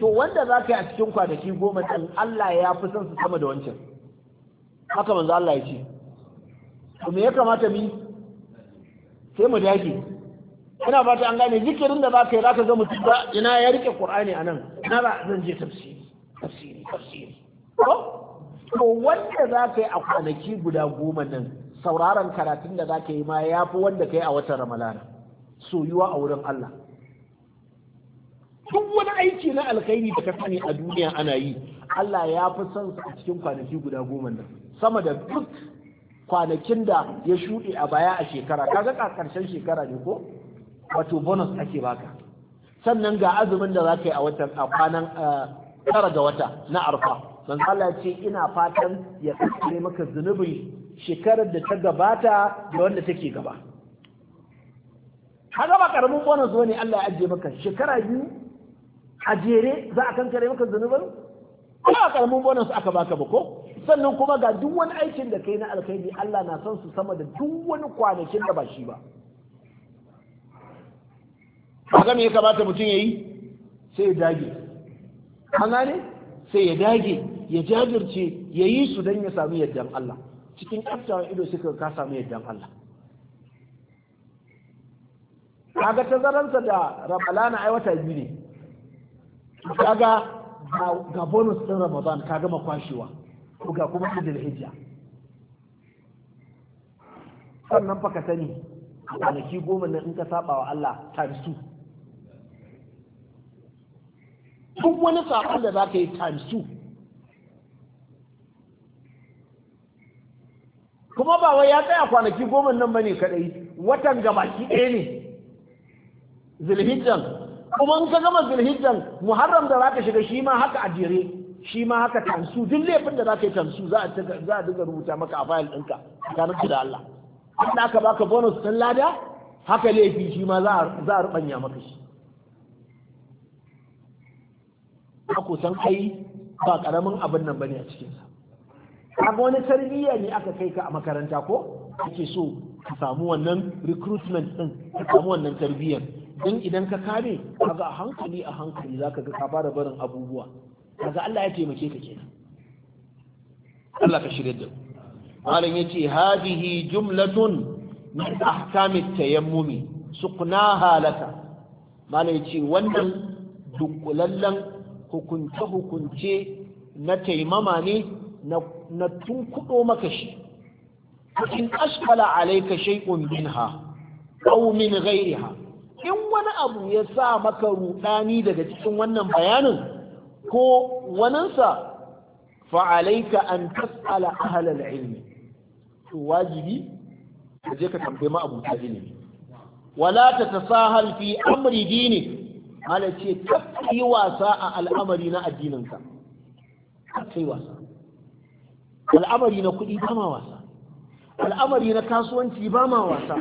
[SPEAKER 1] To wanda za ka yi a cikin kwanaki goma ɗin Allah ya fi son su sama da wancan. Haka manzo Allah ya ce. To me ya kamata mi? Sai mu dage. ina fata an gane zikirin da za ka yi za ka ga mutum ba ina ya rike a nan? ina ba zan je tafsiri tafsiri tafsiri ko to wanda za ka yi a kwanaki guda goma nan sauraron karatun da za ka yi ma ya fi wanda ka yi a watan ramadana soyuwa a wurin Allah duk wani aiki na alkhairi da ka sani a duniya ana yi Allah ya fi son a cikin kwanaki guda goma nan sama da duk kwanakin da ya shuɗe a baya a shekara kaga ƙarshen shekara ne ko wato bonus ake baka sannan ga azumin da za ka yi a watan a kwanan tara ga wata na arfa manzo Allah ce ina fatan ya kaskare maka zunubin shekarar da ta gabata da wanda take gaba kaga ba karamin bonus wani Allah ya ajiye maka shekara biyu a jere za a kankare maka zunubin ba karamin bonus aka baka ba ko sannan kuma ga duk wani aikin da kai na alkhairi Allah na son su sama da duk wani kwanakin da ba shi ba kaga me ya kamata mutum ya yi sai ya dage an gane sai ya dage ya jajirce ya yi su don ya samu yardan Allah cikin ƙaftawan ido suka ka samu yardan Allah kaga tazararsa da ramalana ai wata biyu ne kaga ga bonus ɗin ramadan ka gama kwashewa Buga ga kuma idil hijja sannan fa ka sani kwanaki goma na in ka saba wa Allah times 2 duk wani saƙon da za ka yi times two kuma ba wai ya tsaya kwanaki goma nan bane kadai watan gabaki ɗaya ne zulhijjan kuma in ka gama zulhijjan muharram da za ka shiga shi ma haka a shi ma haka tamsu duk laifin da za ka yi tamsu za a za a dinga rubuta maka a fayil ɗinka tsakanin da Allah in aka baka bonus ɗin lada haka laifi shi ma za a za a rubanya maka shi za ku san ai ba karamin abin nan bane a cikinsa kaga wani tarbiyya ne aka kai ka a makaranta ko ake so ka samu wannan recruitment din ka samu wannan tarbiyya. dan idan ka kare kaga a hankali a hankali zaka ga ka fara barin abubuwa kaga Allah ya taimake ka kenan Allah ka shirye da malam yace hadihi jumlatun min ahkamit tayammumi suqnaha laka malam yace wannan dukkulallen hukunce-hukunce na taimama ne na tunkuɗo maka shi in ashkala alaika shay'un minha aw min ghayriha in wani abu ya sa maka rudani daga cikin wannan bayanin ko waninsa fa alaika an tas'ala ahlal ilmi to wajibi ka je ka tambaye ma ta ilimi wala tatasahal fi amri dinik Allah ce yi wasa a al'amari na addininka kai wasa al'amari na kuɗi ba ma wasa al'amari na kasuwanci ba ma wasa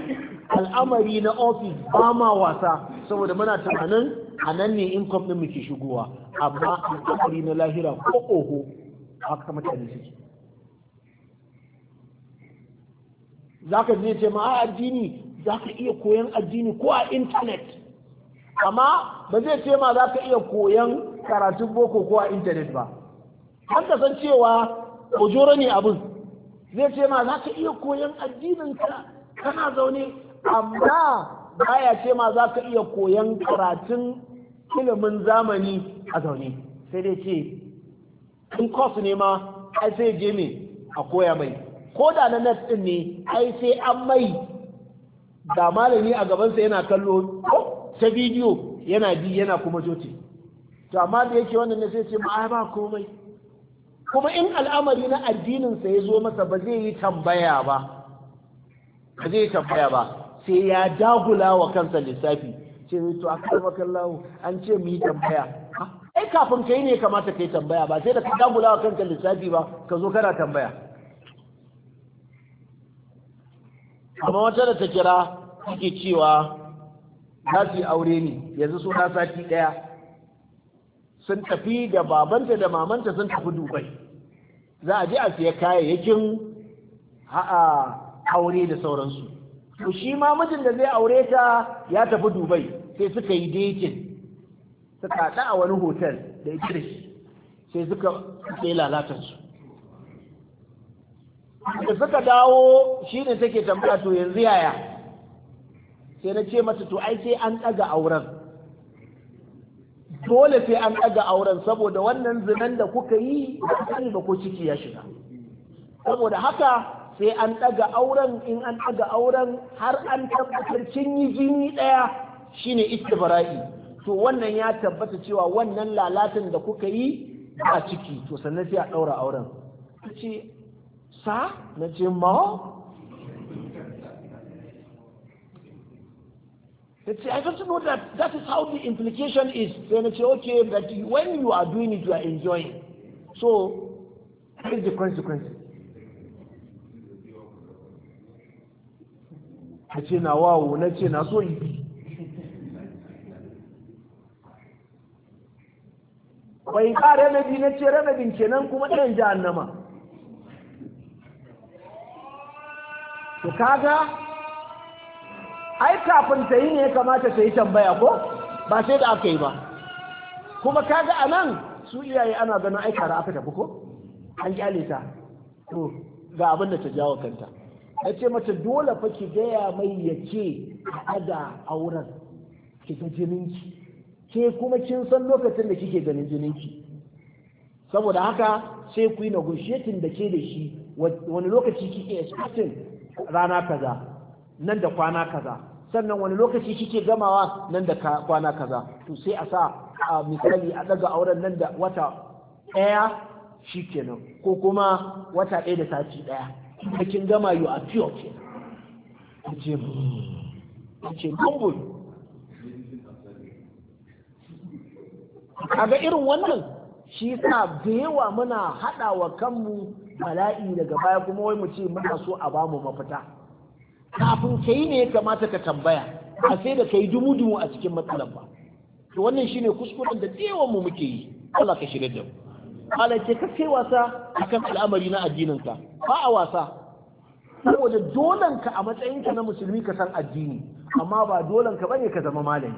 [SPEAKER 1] al'amari na ofis ba ma wasa saboda muna tunanin a nan ne income ɗin muke shigowa amma al'amari na lahira ko oho haka mutane suke za ka je ce ma addini za ka iya koyan addini ko a intanet amma ba zai ce ma za ka iya koyan karatun boko ko a intanet ba har ka san cewa ojoro ne abin zai ce ma za ka iya koyan addinin ka kana zaune amma baya ce ma za ka iya koyan karatun ilimin zamani a zaune sai dai ce in kos ne ma ai sai je me a koya mai ko da na net ɗin ne ai sai an mai ga malami a gabansa yana kallo oh, ta bidiyo yana bi yana kuma jote to amma da yake wannan ne sai ce ma ba komai kuma in al'amari na addinin sa ya zo masa ba zai yi tambaya ba ba zai yi tambaya ba sai ya dagula wa kansa lissafi ce to akai makallahu an ce mu yi tambaya ai kafin kai ne kamata kai tambaya ba sai da ka dagula wa kanka lissafi ba ka zo kana tambaya amma wata da ta kira take cewa ta su aure ne yanzu suna sati ɗaya sun tafi da babanta da mamanta sun tafi dubai za a je a siya kayayyakin a aure da sauransu to shi ma mijin da zai aure ta ya tafi dubai sai suka yi dekin suka haɗa a wani hotel da ita sai suka sai lalatansu da suka dawo shi ne take tambaya yanzu yaya sai na ce mata to ai sai an ɗaga auren dole sai an ɗaga auren saboda wannan zinan da kuka yi ba ko ciki ya shiga saboda haka sai an ɗaga auren in an ɗaga auren har an tabbatar kin yi jini ɗaya shine istibara'i to wannan ya tabbata cewa wannan lalatin da kuka yi a ciki to sannan sai a ɗaura auren ce sa na ce ma ce I don't know that that is how the implication is sai na ce okay but when you are doing it you are enjoying so what is the consequence na ce na wawo na ce na so bai ka remedy na ce remedin kenan kuma ɗayan jahannama to kaga ai kafin ta yi ne ya kamata ta yi tambaya ko ba sai da aka yi ba kuma kaga a nan su iyaye ana ganin aika aka tafi ko an kyale ta to ga abin da ta jawo kanta ya ce mace dole fa ki gaya mai ya ce ada auren ki ga jininki ke kuma kin san lokacin da kike ganin jininki saboda haka sai ku yi negotiating da ke da shi wani lokaci kike expecting rana kaza nan da kwana kaza sannan wani lokaci kike gamawa nan da kwana kaza to sai a sa a misali a daga auren nan da wata ɗaya kenan ko kuma wata ɗaya da sati ɗaya kin gama yu a ce
[SPEAKER 2] hmm.
[SPEAKER 1] ce A kaga irin wannan shi sa da yawa muna haɗa wa kanmu bala'i daga baya kuma wai mu ce muna so a bamu mafita kafin ka yi ne ya kamata ka tambaya a sai da ka yi dumu-dumu a cikin matsalar ba to wannan shi ne kuskuren da yawan mu muke yi Allah ka shirya da mu Allah ce ka kai wasa a kan al'amari na addininka? ka ba a wasa saboda dolan ka a matsayinka na musulmi ka san addini amma ba dolan ka bane ka zama malami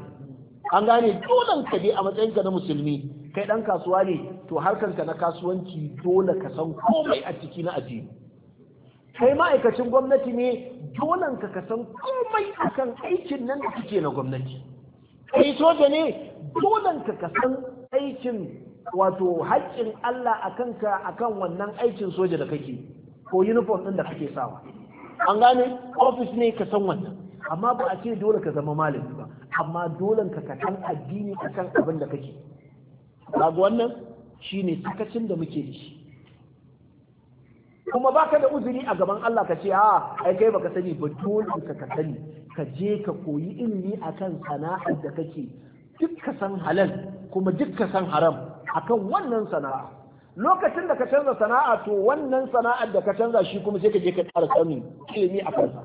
[SPEAKER 1] an gane dolan ka dai a matsayinka na musulmi kai dan kasuwa ne to harkar ka na kasuwanci dole ka san komai a ciki na addini kai ma'aikacin gwamnati ne dolan ka kasan komai akan aikin nan da kake na gwamnati kai soja ne dolan ka kasan aikin wato haƙƙin Allah a kanka akan wannan aikin soja da kake ko uniform ɗin da kake sawa an gane office ne ka san wannan amma ba a ce dole ka zama malami ba amma dole ka kasan san addini akan abin da kake kaga wannan shine sakacin da muke da shi kuma baka da uzuri a gaban Allah ka ce a ah, ai kai baka sani ba dole ka ka sani ka je ka koyi ilimi akan sana'ar da kake duk san halal kuma duk san haram akan wannan sana'a lokacin da ka canza sana'a to wannan sana'ar da ka canza shi kuma sai ka je ka ƙara sanin ilimi a kansa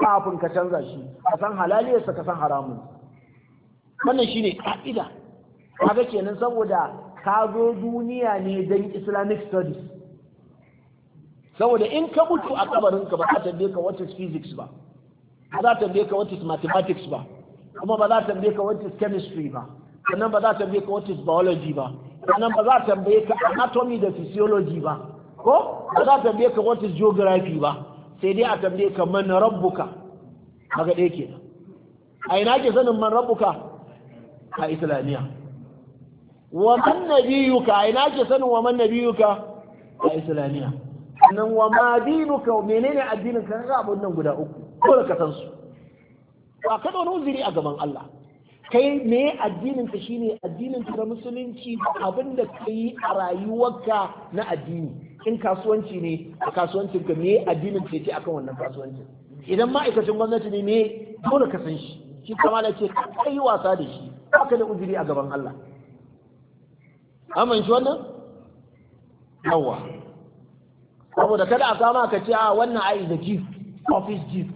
[SPEAKER 1] kafin ka canza shi ka san halaliyarsa ka san haramun wannan shine ka'ida kaga kenan saboda ka zo duniya ne don islamic studies saboda in ka mutu a ka ba za ta ka what is physics ba ba za ta ka what is mathematics ba kuma ba za ta ka what is chemistry ba sannan ba za ta ka what is biology ba sannan ba za ta ka anatomy da physiology ba ko ba za ta ka what is geography ba sai dai a tambaye ka man rabbuka kaga dai ke a ina ke sanin man rabbuka a islamiyya wa man nabiyuka a ina ke sanin wa man nabiyuka a islamiyya sannan wa ma dinuka menene addinin ka ga abun nan guda uku dole ka san su ba ka da wani uzuri a gaban Allah kai me addinin ka shine addinin ka musulunci abin da kai a rayuwarka na addini in kasuwanci ne a kasuwancin ka me addinin ka ce akan wannan kasuwancin idan ma'aikacin gwamnati ne me dole ka san shi shi kama da ce kai wasa da shi haka da uzuri a gaban Allah shi wannan yawa saboda kada a kama ka ce a ah, wannan ai da jeep office jeep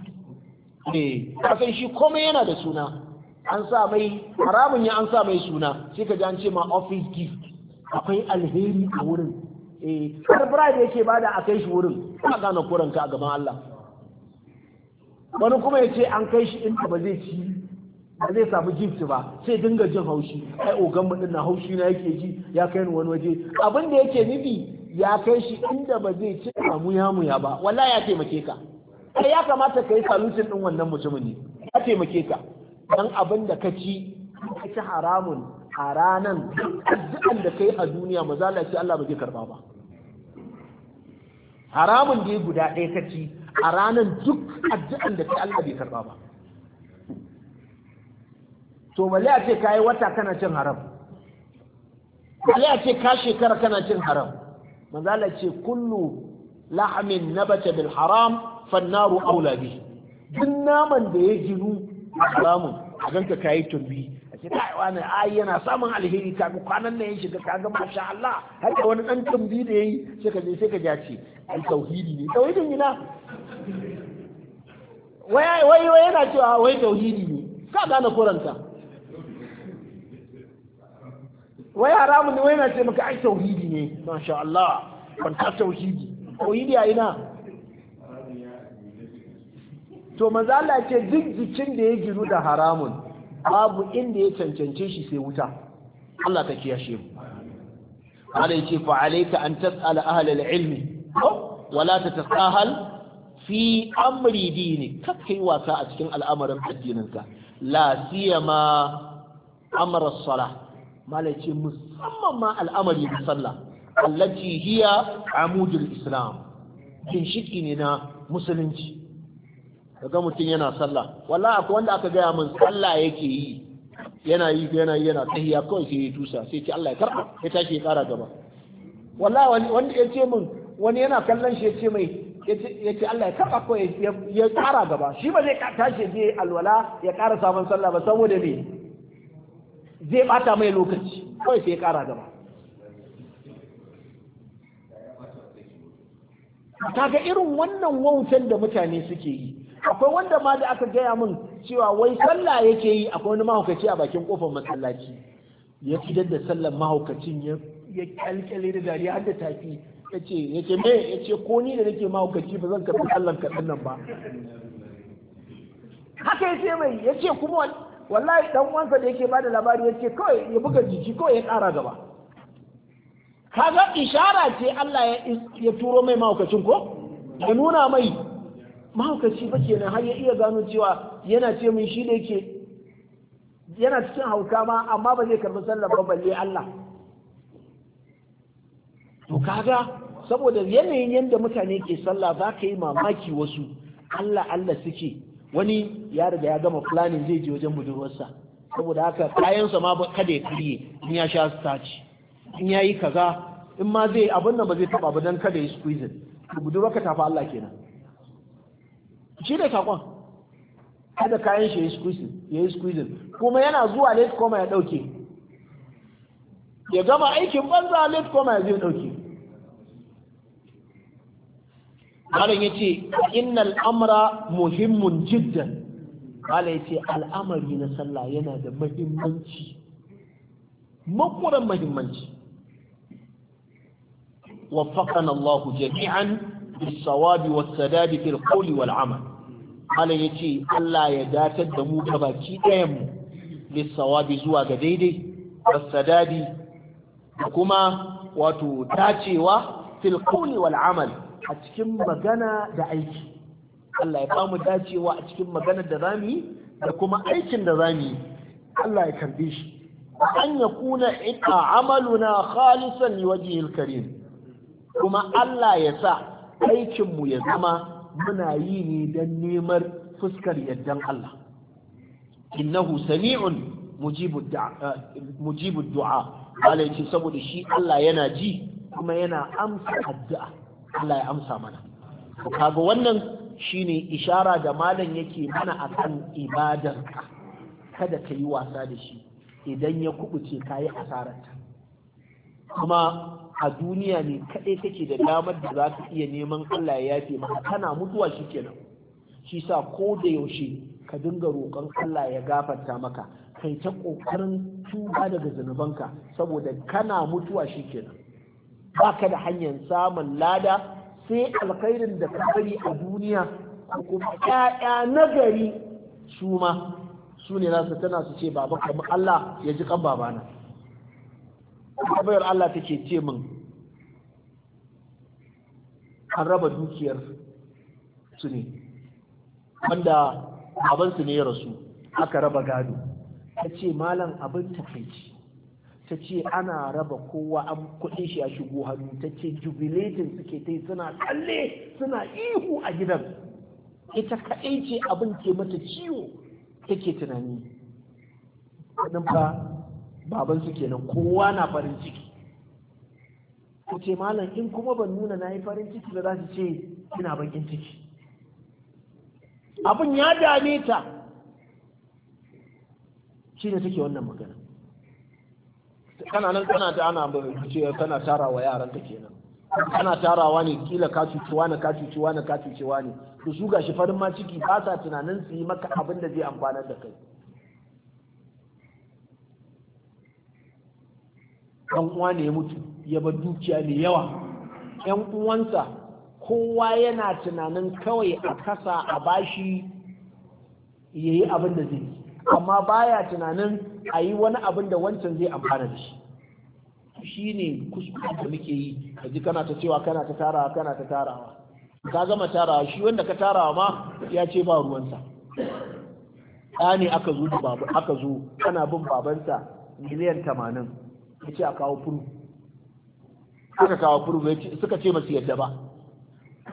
[SPEAKER 1] ne kafin shi komai yana da suna an sa mai haramun ya an sa mai suna sai ka ji an ce ma office gif. akwai alheri a wurin eh har bride yake bada a kai shi wurin ka gane kuranka a gaban Allah wani kuma ya ce an kai shi inda ba zai ci ba zai samu gift ba sai dinga jin haushi ai ogan mu na haushi na yake ji ya kai ni wani waje abin da yake nufi ya kai shi inda ba zai ci muya muya ba wallahi ya taimake ka kai ya kamata ka yi salutin din wannan mutumin ne ya taimake ka dan abin da ka ci ka ci haramun a ranan addu'an da kai a duniya ba za ce Allah ba zai karba ba haramun da ya guda ɗaya ka ci a ranan duk addu'an da kai Allah bai karba ba to bale a ce yi wata kana cin haram bale a ce ka shekara kana cin haram manzo Allah ce kullu lahmin nabata bil haram fannaru aula bi duk naman da ya ginu haramun a ganka kayi turbi a ce kai wani ai yana samun alheri ga kwanan nan ya shiga kaga masha Allah har da wani dan turbi da yayi sai ka je sai ka jace ai tauhidi ne tauhidin ina wai wai yana cewa wai tauhidi ne ka gane koranta wai haramun ne wai na ce maka ai tauhidi ne masha Allah kwanta tauhidi tauhidi a ina to maza Allah ce duk jikin da ya giru da haramun babu inda ya cancance shi sai wuta Allah ta kiyashe mu Allah yace fa alayka an tas'ala ahli al-ilmi wala tatasahal fi amri dini kakai wasa a cikin al'amarin addininka la siyama amara salah malai ce musamman ma al'amari da sallah allati hiya amudul islam ginshiki ne na musulunci kaga mutum yana sallah wallahi akwai wanda aka gaya min sallah yake yi yana yi yana yana tahiya kawai sai ya tusa sai ce Allah ya karba ya tashi ya kara gaba wallahi wanda ya ce min wani yana kallon shi ya ce mai ya ce Allah ya karba kawai ya kara gaba shi ba zai tashi ya je alwala ya kara sabon sallah ba saboda me zai bata mai lokaci kawai sai ya kara gaba kaga irin wannan wautan da mutane suke yi akwai wanda ma da aka gaya min cewa wai sallah yake yi akwai wani mahaukaci a bakin kofar masallaci ya fitar da sallar mahaukacin ya kyalkyale da dariya har da tafi ya ce ya ce me ya ce ko ni da nake mahaukaci ba zan karɓi sallar kaɗan nan ba haka ya ce mai ya ce kuma wallahi dan uwansa da yake bada labari yace kawai ya buga jiki kawai ya kara gaba kaga ishara ce Allah ya turo mai mahaukacin ko ya nuna mai mahaukaci ba kenan har ya iya gano cewa yana ce min shi da yake yana cikin hauka ma amma ba zai karɓi sallah ba balle Allah to kaga saboda yanayin yadda mutane ke sallah za ka yi mamaki wasu Allah Allah suke wani ya riga ya gama planning zai je wajen budurwarsa saboda haka kayansa ma kada ya karye in ya sha starch in ya yi kaza in ma zai abin nan ba zai taba ba don kada ya squeeze budurwarka tafi Allah kenan shi da sakon kada kayan shi ya squeeze ya yi squeeze kuma yana zuwa late koma ya dauke ya gama aikin banza late koma ya zai dauke malam ya ce innal amra muhimmin jiddan kala ya ce al'amari na sallah yana da mahimmanci makuran mahimmanci wafakan allahu jami'an bisawabi wa sadadi fil qawli wal amal ya ce allah ya datar da mu ga baki ɗayan mu bisawabi zuwa ga daidai sadadi da kuma wato dacewa fil qawli wal a cikin magana da aiki Allah ya bamu dacewa a cikin magana da zamu da kuma aikin da zamu yi Allah ya karbe shi an ya kuna ita amaluna khalisan liwajihil karim kuma Allah ya sa aikin mu ya zama muna yi ne don neman fuskar yardan Allah innahu sami'un mujibu du'a Allah ya ce saboda shi Allah yana ji kuma yana amsa addu'a Allah ya amsa mana kaga wannan shine ishara da malam yake mana akan ibadarka kada ka yi wasa da shi idan ya kubuce ka yi asararta kuma a duniya ne kaɗai kake da damar da za ka iya neman Allah ya yafe maka kana mutuwa shi kenan shi sa ko da yaushe ka dinga roƙon Allah ya gafarta maka kai ta ƙoƙarin tuba daga zunubanka saboda kana mutuwa shi kenan baka da hanyar samun lada sai alkhairin da ka bari a duniya ko kuma ƴaƴa nagari su ma su ne nasu tana su ce baba kuma Allah ya ji kan babana bayar Allah take ce min an raba dukiyar su ne wanda babansu ne ya rasu aka raba gado ta ce malam abin takaici ta ce ana raba kowa an kuɗin shi a shigo hannu ta ce jubilatin suke ta suna tsalle suna ihu a gidan ita kaɗai ce abin ke mata ciwo take tunani nan fa baban su kenan kowa na farin ciki ku ce malam in kuma ban nuna na yi farin ciki da za su ce ina bakin ciki abin ya dame ta shi ne take wannan magana kana nan kana ta ana ce kana tara wa yaran ka kenan kana tarawa ne kila ka cuciwa ne ka cuciwa ne ka cuciwa ne to su gashi farin ma ciki ba sa tunanin su yi maka abin da zai amfana da kai dan uwa ne ya mutu ya bar dukiya ne yawa yan uwansa kowa yana tunanin kawai a kasa a bashi yayi abin da zai yi amma baya tunanin a yi wani abin da wancan zai amfana da shi shi ne kuskure da muke yi ka ji kana ta cewa kana ta tarawa kana ta tarawa ka gama tarawa shi wanda ka tarawa ma ya ce ba ruwansa ɗa ne aka zo da aka zo kana bin babansa miliyan tamanin ya ce a kawo furu aka kawo furu suka ce masu yadda ba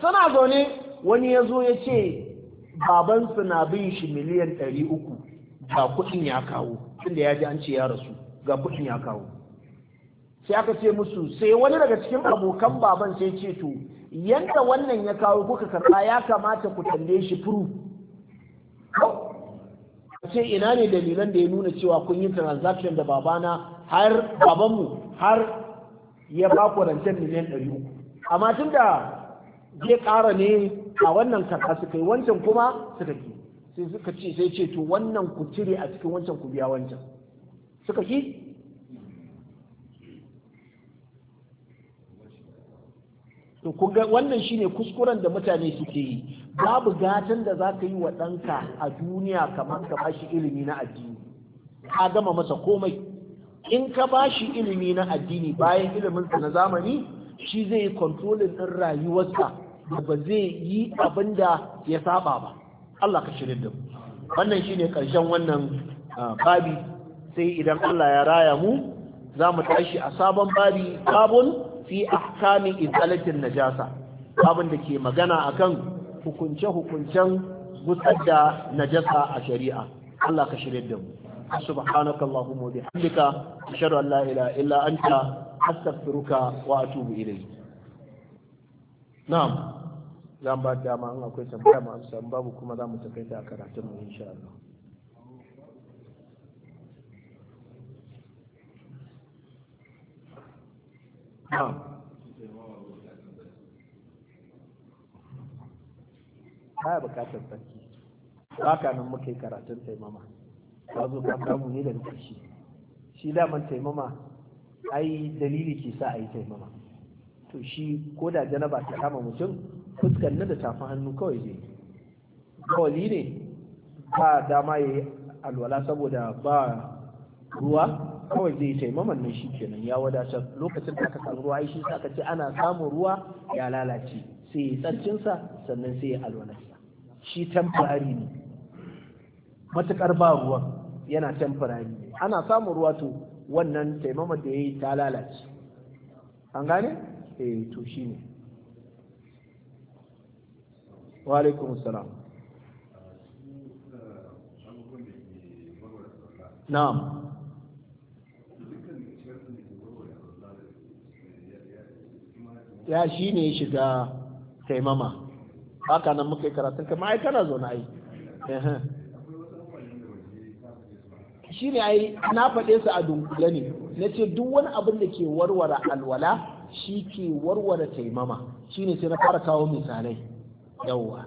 [SPEAKER 1] tana zaune wani ya zo ya ce babansa na bin shi miliyan ɗari uku ga kuɗin ya kawo tunda ya ji an ce ya rasu ga kuɗin ya kawo sai aka ce musu sai wani daga cikin abokan baban sai ce to yanda wannan ya kawo kuka karɓa ya kamata ku tambaye shi furu ce ina ne dalilan da ya nuna cewa kun yi transaction da babana har babanmu har ya ba ku rancen miliyan ɗari uku amma tun da zai ƙara ne a wannan karɓa suka yi wancan kuma suka ke sai suka ce sai ce to wannan ku cire a cikin wancan ku biya wancan suka ki to ga wannan shine kuskuren da mutane suke yi babu gatan da za ka yi wa ɗanka a duniya kamar ka bashi ilimi na addini ka gama masa komai in ka bashi ilimi na addini bayan iliminsa na zamani shi zai yi kontrolin ɗin rayuwarsa da ba zai yi abin da ya saba ba Allah ka shirin da mu wannan shine ƙarshen wannan ah, babi sai idan Allah ya raya mu za mu tashi a sabon babi babun fi ahkamin izalatin najasa babun da ke magana akan hukunce-hukuncen gutsar da najasa a shari'a Allah ka shirin da mu سبحانك اللهم وبحمدك أشهد أن Za mu ba dama in akwai tambaya mu amsa babu kuma za mu tafi da karatun mu insha Allah ba bukatar sarki haka nan muka yi karatun taimama ba zo ka samu ne da rikici. shi daman taimama ai dalili ke sa a yi taimama to shi ko da janaba ta kama mutum fuskar na da tafin hannu kawai zai kawali ne ba dama ya yi alwala saboda ba ruwa kawai zai yi nan shi kenan ya wadatar lokacin da aka samu ruwa shi aka ce ana samun ruwa ya lalace sai ya tsarkinsa sannan sai ya alwalarsa shi tamfari ne matukar ba ruwa yana tamfari ana samun ruwa to wannan taimama da ya yi ta lalace an gane eh to shi ne. wa alaikum salam ya shi ne shiga taimama haka nan muka yi karatun kama ai kana zo na yi shi ne ai na faɗe su a dunkule ne na ce duk wani abin da ke warware alwala shi ke warware taimama shi ne sai na fara kawo misalai yawwa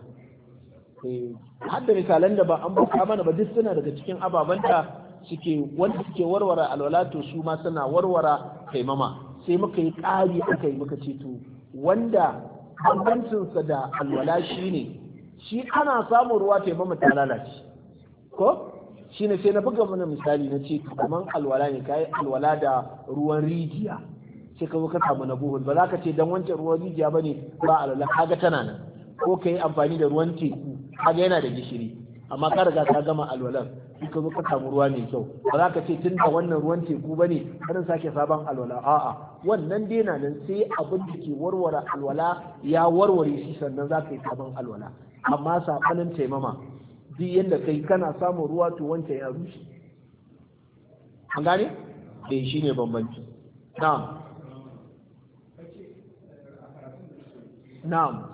[SPEAKER 1] eh, hadda misalan da ba an buka mana ba duk suna daga cikin ababen da suke wanda suke warware alwala to su ma suna warware taimama sai muka yi ƙari aka yi muka ce to wanda bambancinsa da alwala shi ne shi ana samun ruwa taimama ta lalace ko shi ne sai na buga mana misali na ce kaman alwala ne kayi alwala da ruwan rijiya sai ka zo ka samu na buhul ba za ka ce dan wancan ruwan rijiya bane ba alwala kaga tana nan ko ka yi amfani da ruwan teku kaga yana da gishiri amma ka riga ka gama alwalan sai ka zo ka samu ruwa mai kyau ba za ka ce tun da wannan ruwan teku ba ne karin sake sabon alwala a'a wannan dai na nan sai abin da ke warware alwala ya warware shi sannan za ka yi sabon alwala amma sabanin taimama duk yadda kai kana samun ruwa to wancan ya rushe an gane eh, shi ne bambanci na'am na'am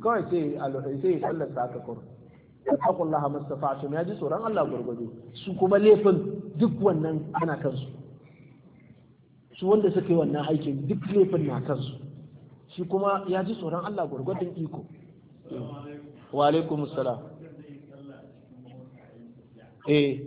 [SPEAKER 1] kawai sai alhai sai sallar ta aka kur taqullaha mastata'tum ya ji tsoron Allah gurgudu su kuma laifin duk wannan ana kansu su wanda suka yi wannan aikin duk laifin na kansu shi kuma ya ji tsoron Allah gurgudun iko wa alaikum salam eh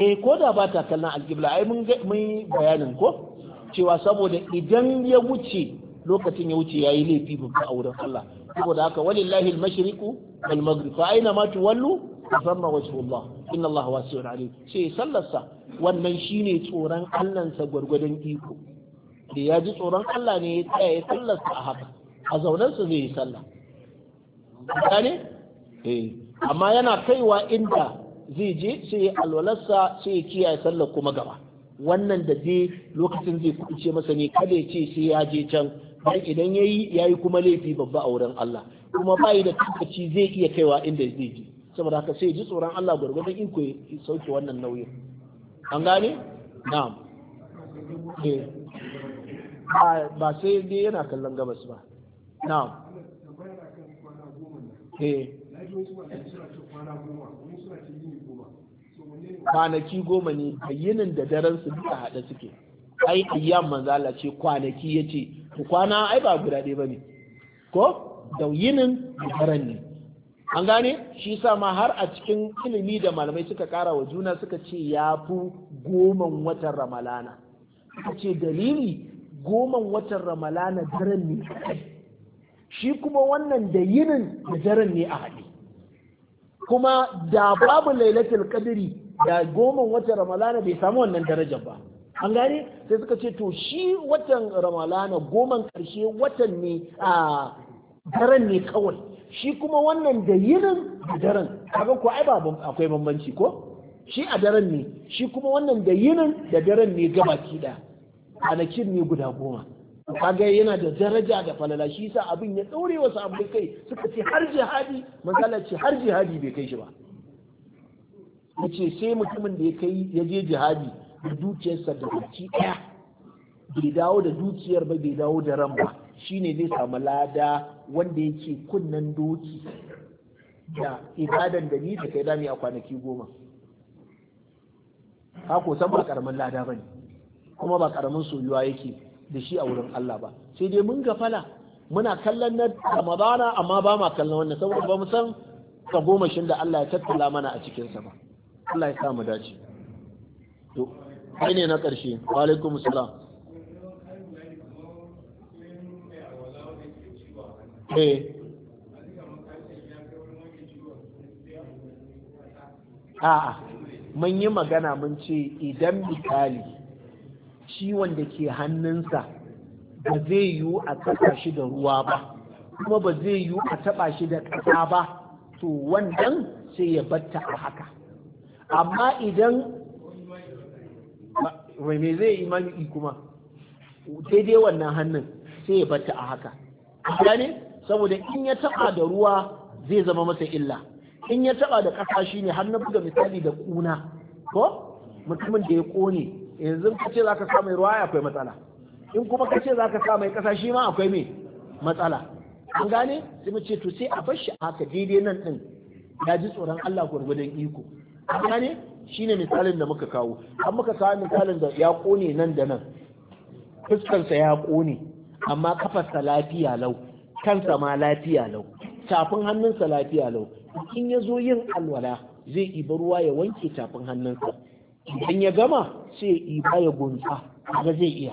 [SPEAKER 1] eh ko da ba ta kallon alƙibla ai mun yi bayanin ko cewa saboda idan ya wuce lokacin ya wuce yayi laifi babba a wurin Allah saboda haka walillahi al-mashriqu wal maghrib fa aina ma tuwallu fasamma wajhullah inna Allah wasi'un alim sai sallarsa wannan shine tsoron Allah sa gwargwadon iko da ya ji tsoron Allah ne ya tsaya ya sallarsa a haka a su zai yi sallah gane eh amma yana kaiwa inda zai je sai alwalarsa sai ya kiyaye sallar kuma gaba wannan da dai lokacin zai kuce masa ne kada ya ce sai ya je can dan idan ya yi kuma laifi babba a wurin Allah kuma bai da tabbaci zai iya kaiwa inda zai je saboda haka sai ji tsoron Allah gurgurdan in koyi sauke wannan nauyin an gane na'am eh. ba sai dai yana kallon gabas ba na'am eh. kwanaki goma ne bayyanin da daren su duka haɗe suke ai ayyam manzala ce kwanaki yace Ku kwana ai ba guda ɗaya ba ne. ko dauyinin yinin ne an gane shi sa ma har a cikin ilimi da malamai suka kara wa juna suka ce ya fi goman watan ramalana suka ce dalili goman watan ramalana daren ne shi kuma wannan da yinin da daren ne a haɗe kuma da babu lailatul kadiri da goman watan ramalana bai samu wannan darajar ba an gane sai suka ce to shi watan ramalana goma karshe watan ne a daren ne kawai shi kuma wannan da yinin a daren kaga ko ai ba akwai bambanci ko shi a daren ne shi kuma wannan da yinin da daren ne gabaki da kwanakin ne guda goma kaga yana da daraja da falala shi sa abin ya ɗaure wasu abin kai suka ce har jihadi misala ce har jihadi bai kai shi ba ya ce sai mutumin da ya kai ya je jihadi da dukiyarsa da baki ɗaya bai dawo da dukiyar ba bai dawo da ran ba shine zai samu lada wanda yake kunnen doki da ibadan da ni da kai dami a kwanaki goma ka ko san ba karamin lada ba ne kuma ba karamin soyuwa yake da shi a wurin Allah ba sai dai mun ga fala muna kallon na Ramadana amma ba ma kallon wannan saboda ba mu san ka goma shin da Allah ya tattala mana a cikinsa ba Allah ya sa mu dace to kai ne na ƙarshe wa alaikum salam A eh. a'a mun yi magana mun ce idan misali ciwon da ke hannunsa ba zai yiwu a taɓa shi da ruwa ba kuma ba zai yiwu a taɓa shi da ƙasa ba to wannan sai ya batta a haka amma idan mai me zai yi i kuma daidai wannan hannun sai ya bata a haka gane saboda in ya taba da ruwa zai zama masa illa in ya taba da kasa shine har na buga misali da kuna ko mutumin da ya kone yanzu ka ce zaka sa mai ruwa akwai matsala in kuma ka ce zaka sa mai kasa shi ma akwai me matsala an gane sai mu ce to sai a bar shi haka daidai nan din ya ji tsoron Allah gurgudan iko an gane Shi ne misalin da muka kawo an muka kawo misalin da ya ƙone nan da nan fuskarsa ya ƙone. amma kafarsa lafiya lau kansa ma lafiya lau tafin hannunsa lafiya lau in ya zo yin alwala zai iba ruwa ya wanke tafin hannunsa idan ya gama sai ya iba ya gunsa kaga zai iya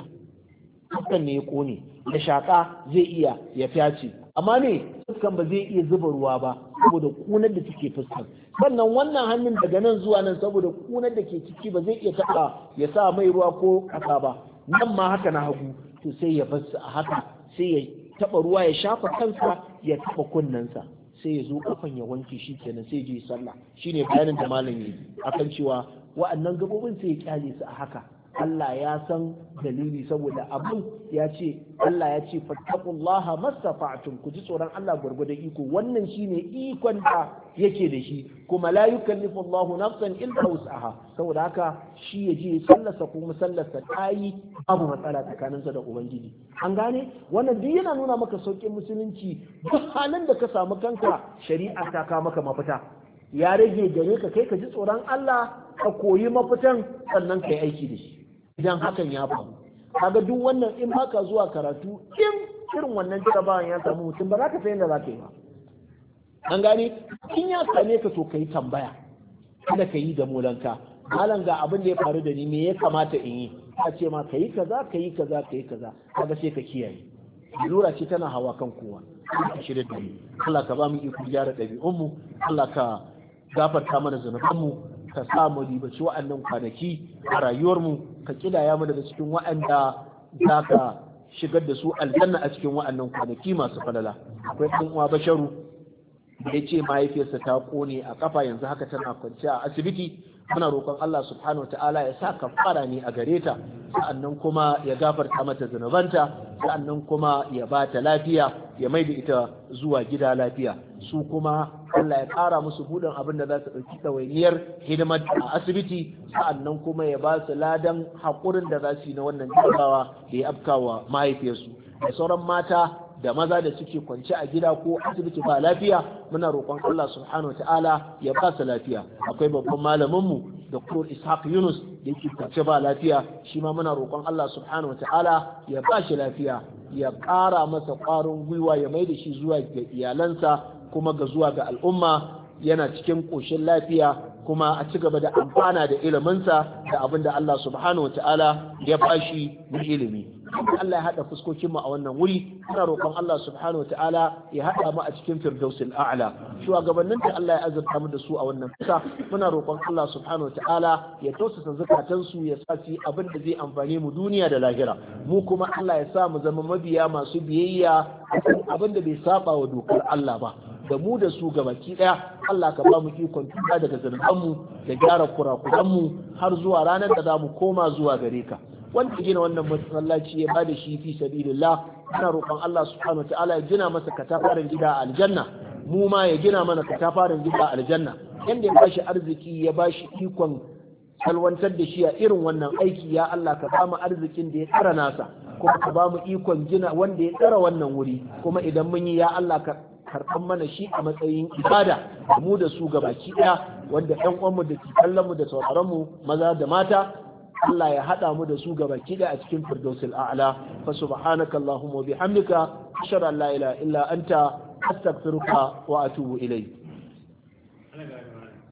[SPEAKER 1] Fuskan ne ya ƙone. ya shaƙa zai iya ya fyace amma ne fuskan ba zai iya zuba ruwa ba saboda kunar da take fuskan sannan wannan hannun daga nan zuwa nan saboda kunar da ke ciki ba zai iya taɓa ya sa mai ruwa ko ƙasa ba nan ma haka na hagu to sai ya bar a haka sai ya taɓa ruwa ya shafa kansa ya taɓa kunnensa sai ya zo kafan ya wanke shi kenan sai je sallah shine bayanin da malam yi akan cewa wa'annan gabobin sai ya kyale su a haka Allah ya san dalili saboda abin ya ce Allah ya ce fattaqullaha masafatun ku ji tsoron Allah gurgurda iko wannan shine ikon da yake da shi kuma la yukallifu Allahu nafsan illa wus'aha saboda haka shi ya je tsallasa ko musallasa tayi babu matsala tsakaninsa da ubangiji an gane wannan duk yana nuna maka saukin musulunci duk halin da ka samu kanka shari'a ta ka maka mafita ya rage gare ka kai ka ji tsoron Allah ka koyi mafitan sannan ka aiki da shi idan hakan ya faru kaga duk wannan in baka zuwa karatu in irin wannan jarabawan ya samu mutum ba za ka san yadda za ka yi ba an gane in ya same ka so ka yi tambaya kada ka yi da mulanka malam ga abin da ya faru da ni me ya kamata in yi a ce ma ka yi kaza ka yi kaza ka yi kaza kaga sai ka kiyaye lura ce tana hawa kan kowa ka shirya da Allah ka ba mu iko gyara ɗabi'unmu Allah ka gafarta mana zunubanmu ka sa mu ribaci wa'annan kwanaki a rayuwarmu ka kidaya mu daga cikin wa'anda za ka shigar da su aljanna a cikin wa'annan kwanaki masu falala akwai ɗan uwa basharu da ya ce mahaifiyarsa ta kone a ƙafa. yanzu haka tana kwanciya a asibiti muna roƙon Allah subhanahu ta'ala ya sa kafara ne a gare ta sa'annan kuma ya gafarta mata zunubanta sa'annan kuma ya ba ta lafiya ya mai da ita zuwa gida lafiya su kuma Allah ya ƙara musu buɗin abin da za su ɗauki ɗawainiyar hidimar a asibiti sa'annan kuma ya ba su ladan haƙurin da za su yi na wannan jarabawa da ya wa mahaifiyarsu da sauran mata da maza da suke kwance a gida ko asibiti ba lafiya muna roƙon Allah subhanahu ta'ala ya ba su lafiya akwai babban malaminmu Dr. Ishaq Yunus da yake kwace ba lafiya shi ma muna roƙon Allah subhanahu wataala ya ba shi lafiya ya ƙara masa ƙwarin gwiwa ya mai da shi zuwa ga iyalansa kuma ga zuwa ga al'umma yana cikin ƙoshin lafiya kuma a ci gaba da amfana da iliminsa da abin da Allah subhanahu wataala ya shi na ilimi Allah ya haɗa fuskokin mu a wannan wuri Muna roƙon Allah subhanahu wataala ya haɗa mu a cikin firdausin a'ala shugabannin da Allah ya azurta mu da su a wannan kasa muna roƙon Allah subhanahu wataala ya tausasa zakatan su ya sa su abin da zai amfane mu duniya da lahira mu kuma Allah ya sa mu zama mabiya masu biyayya abin da bai saba wa dokar Allah ba da mu da su gabaki daya Allah ka ba mu ikon tuba daga mu da gyara mu har zuwa ranar da za mu koma zuwa gare ka wanda gina wannan masallaci ya bada shi fi sabilillah ana roƙon Allah subhanahu wataala ya gina masa katafaren gida a aljanna mu ma ya gina mana katafaren gida a aljanna yanda ya bashi arziki ya bashi ikon salwantar da shi a irin wannan aiki ya Allah ka ba mu arzikin da ya tsara nasa kuma ka ba mu ikon gina wanda ya tsara wannan wuri kuma idan mun yi ya Allah ka karɓan mana shi a matsayin ibada mu da su gabaki ɗaya wanda ɗan uwanmu da ke mu da sauraron mu maza da mata Allah ya haɗa mu da su gaba kida a cikin firdausil a'la fa subhanaka allahumma bihamdika ashhadu an la ilaha illa anta astaghfiruka wa atubu ilayk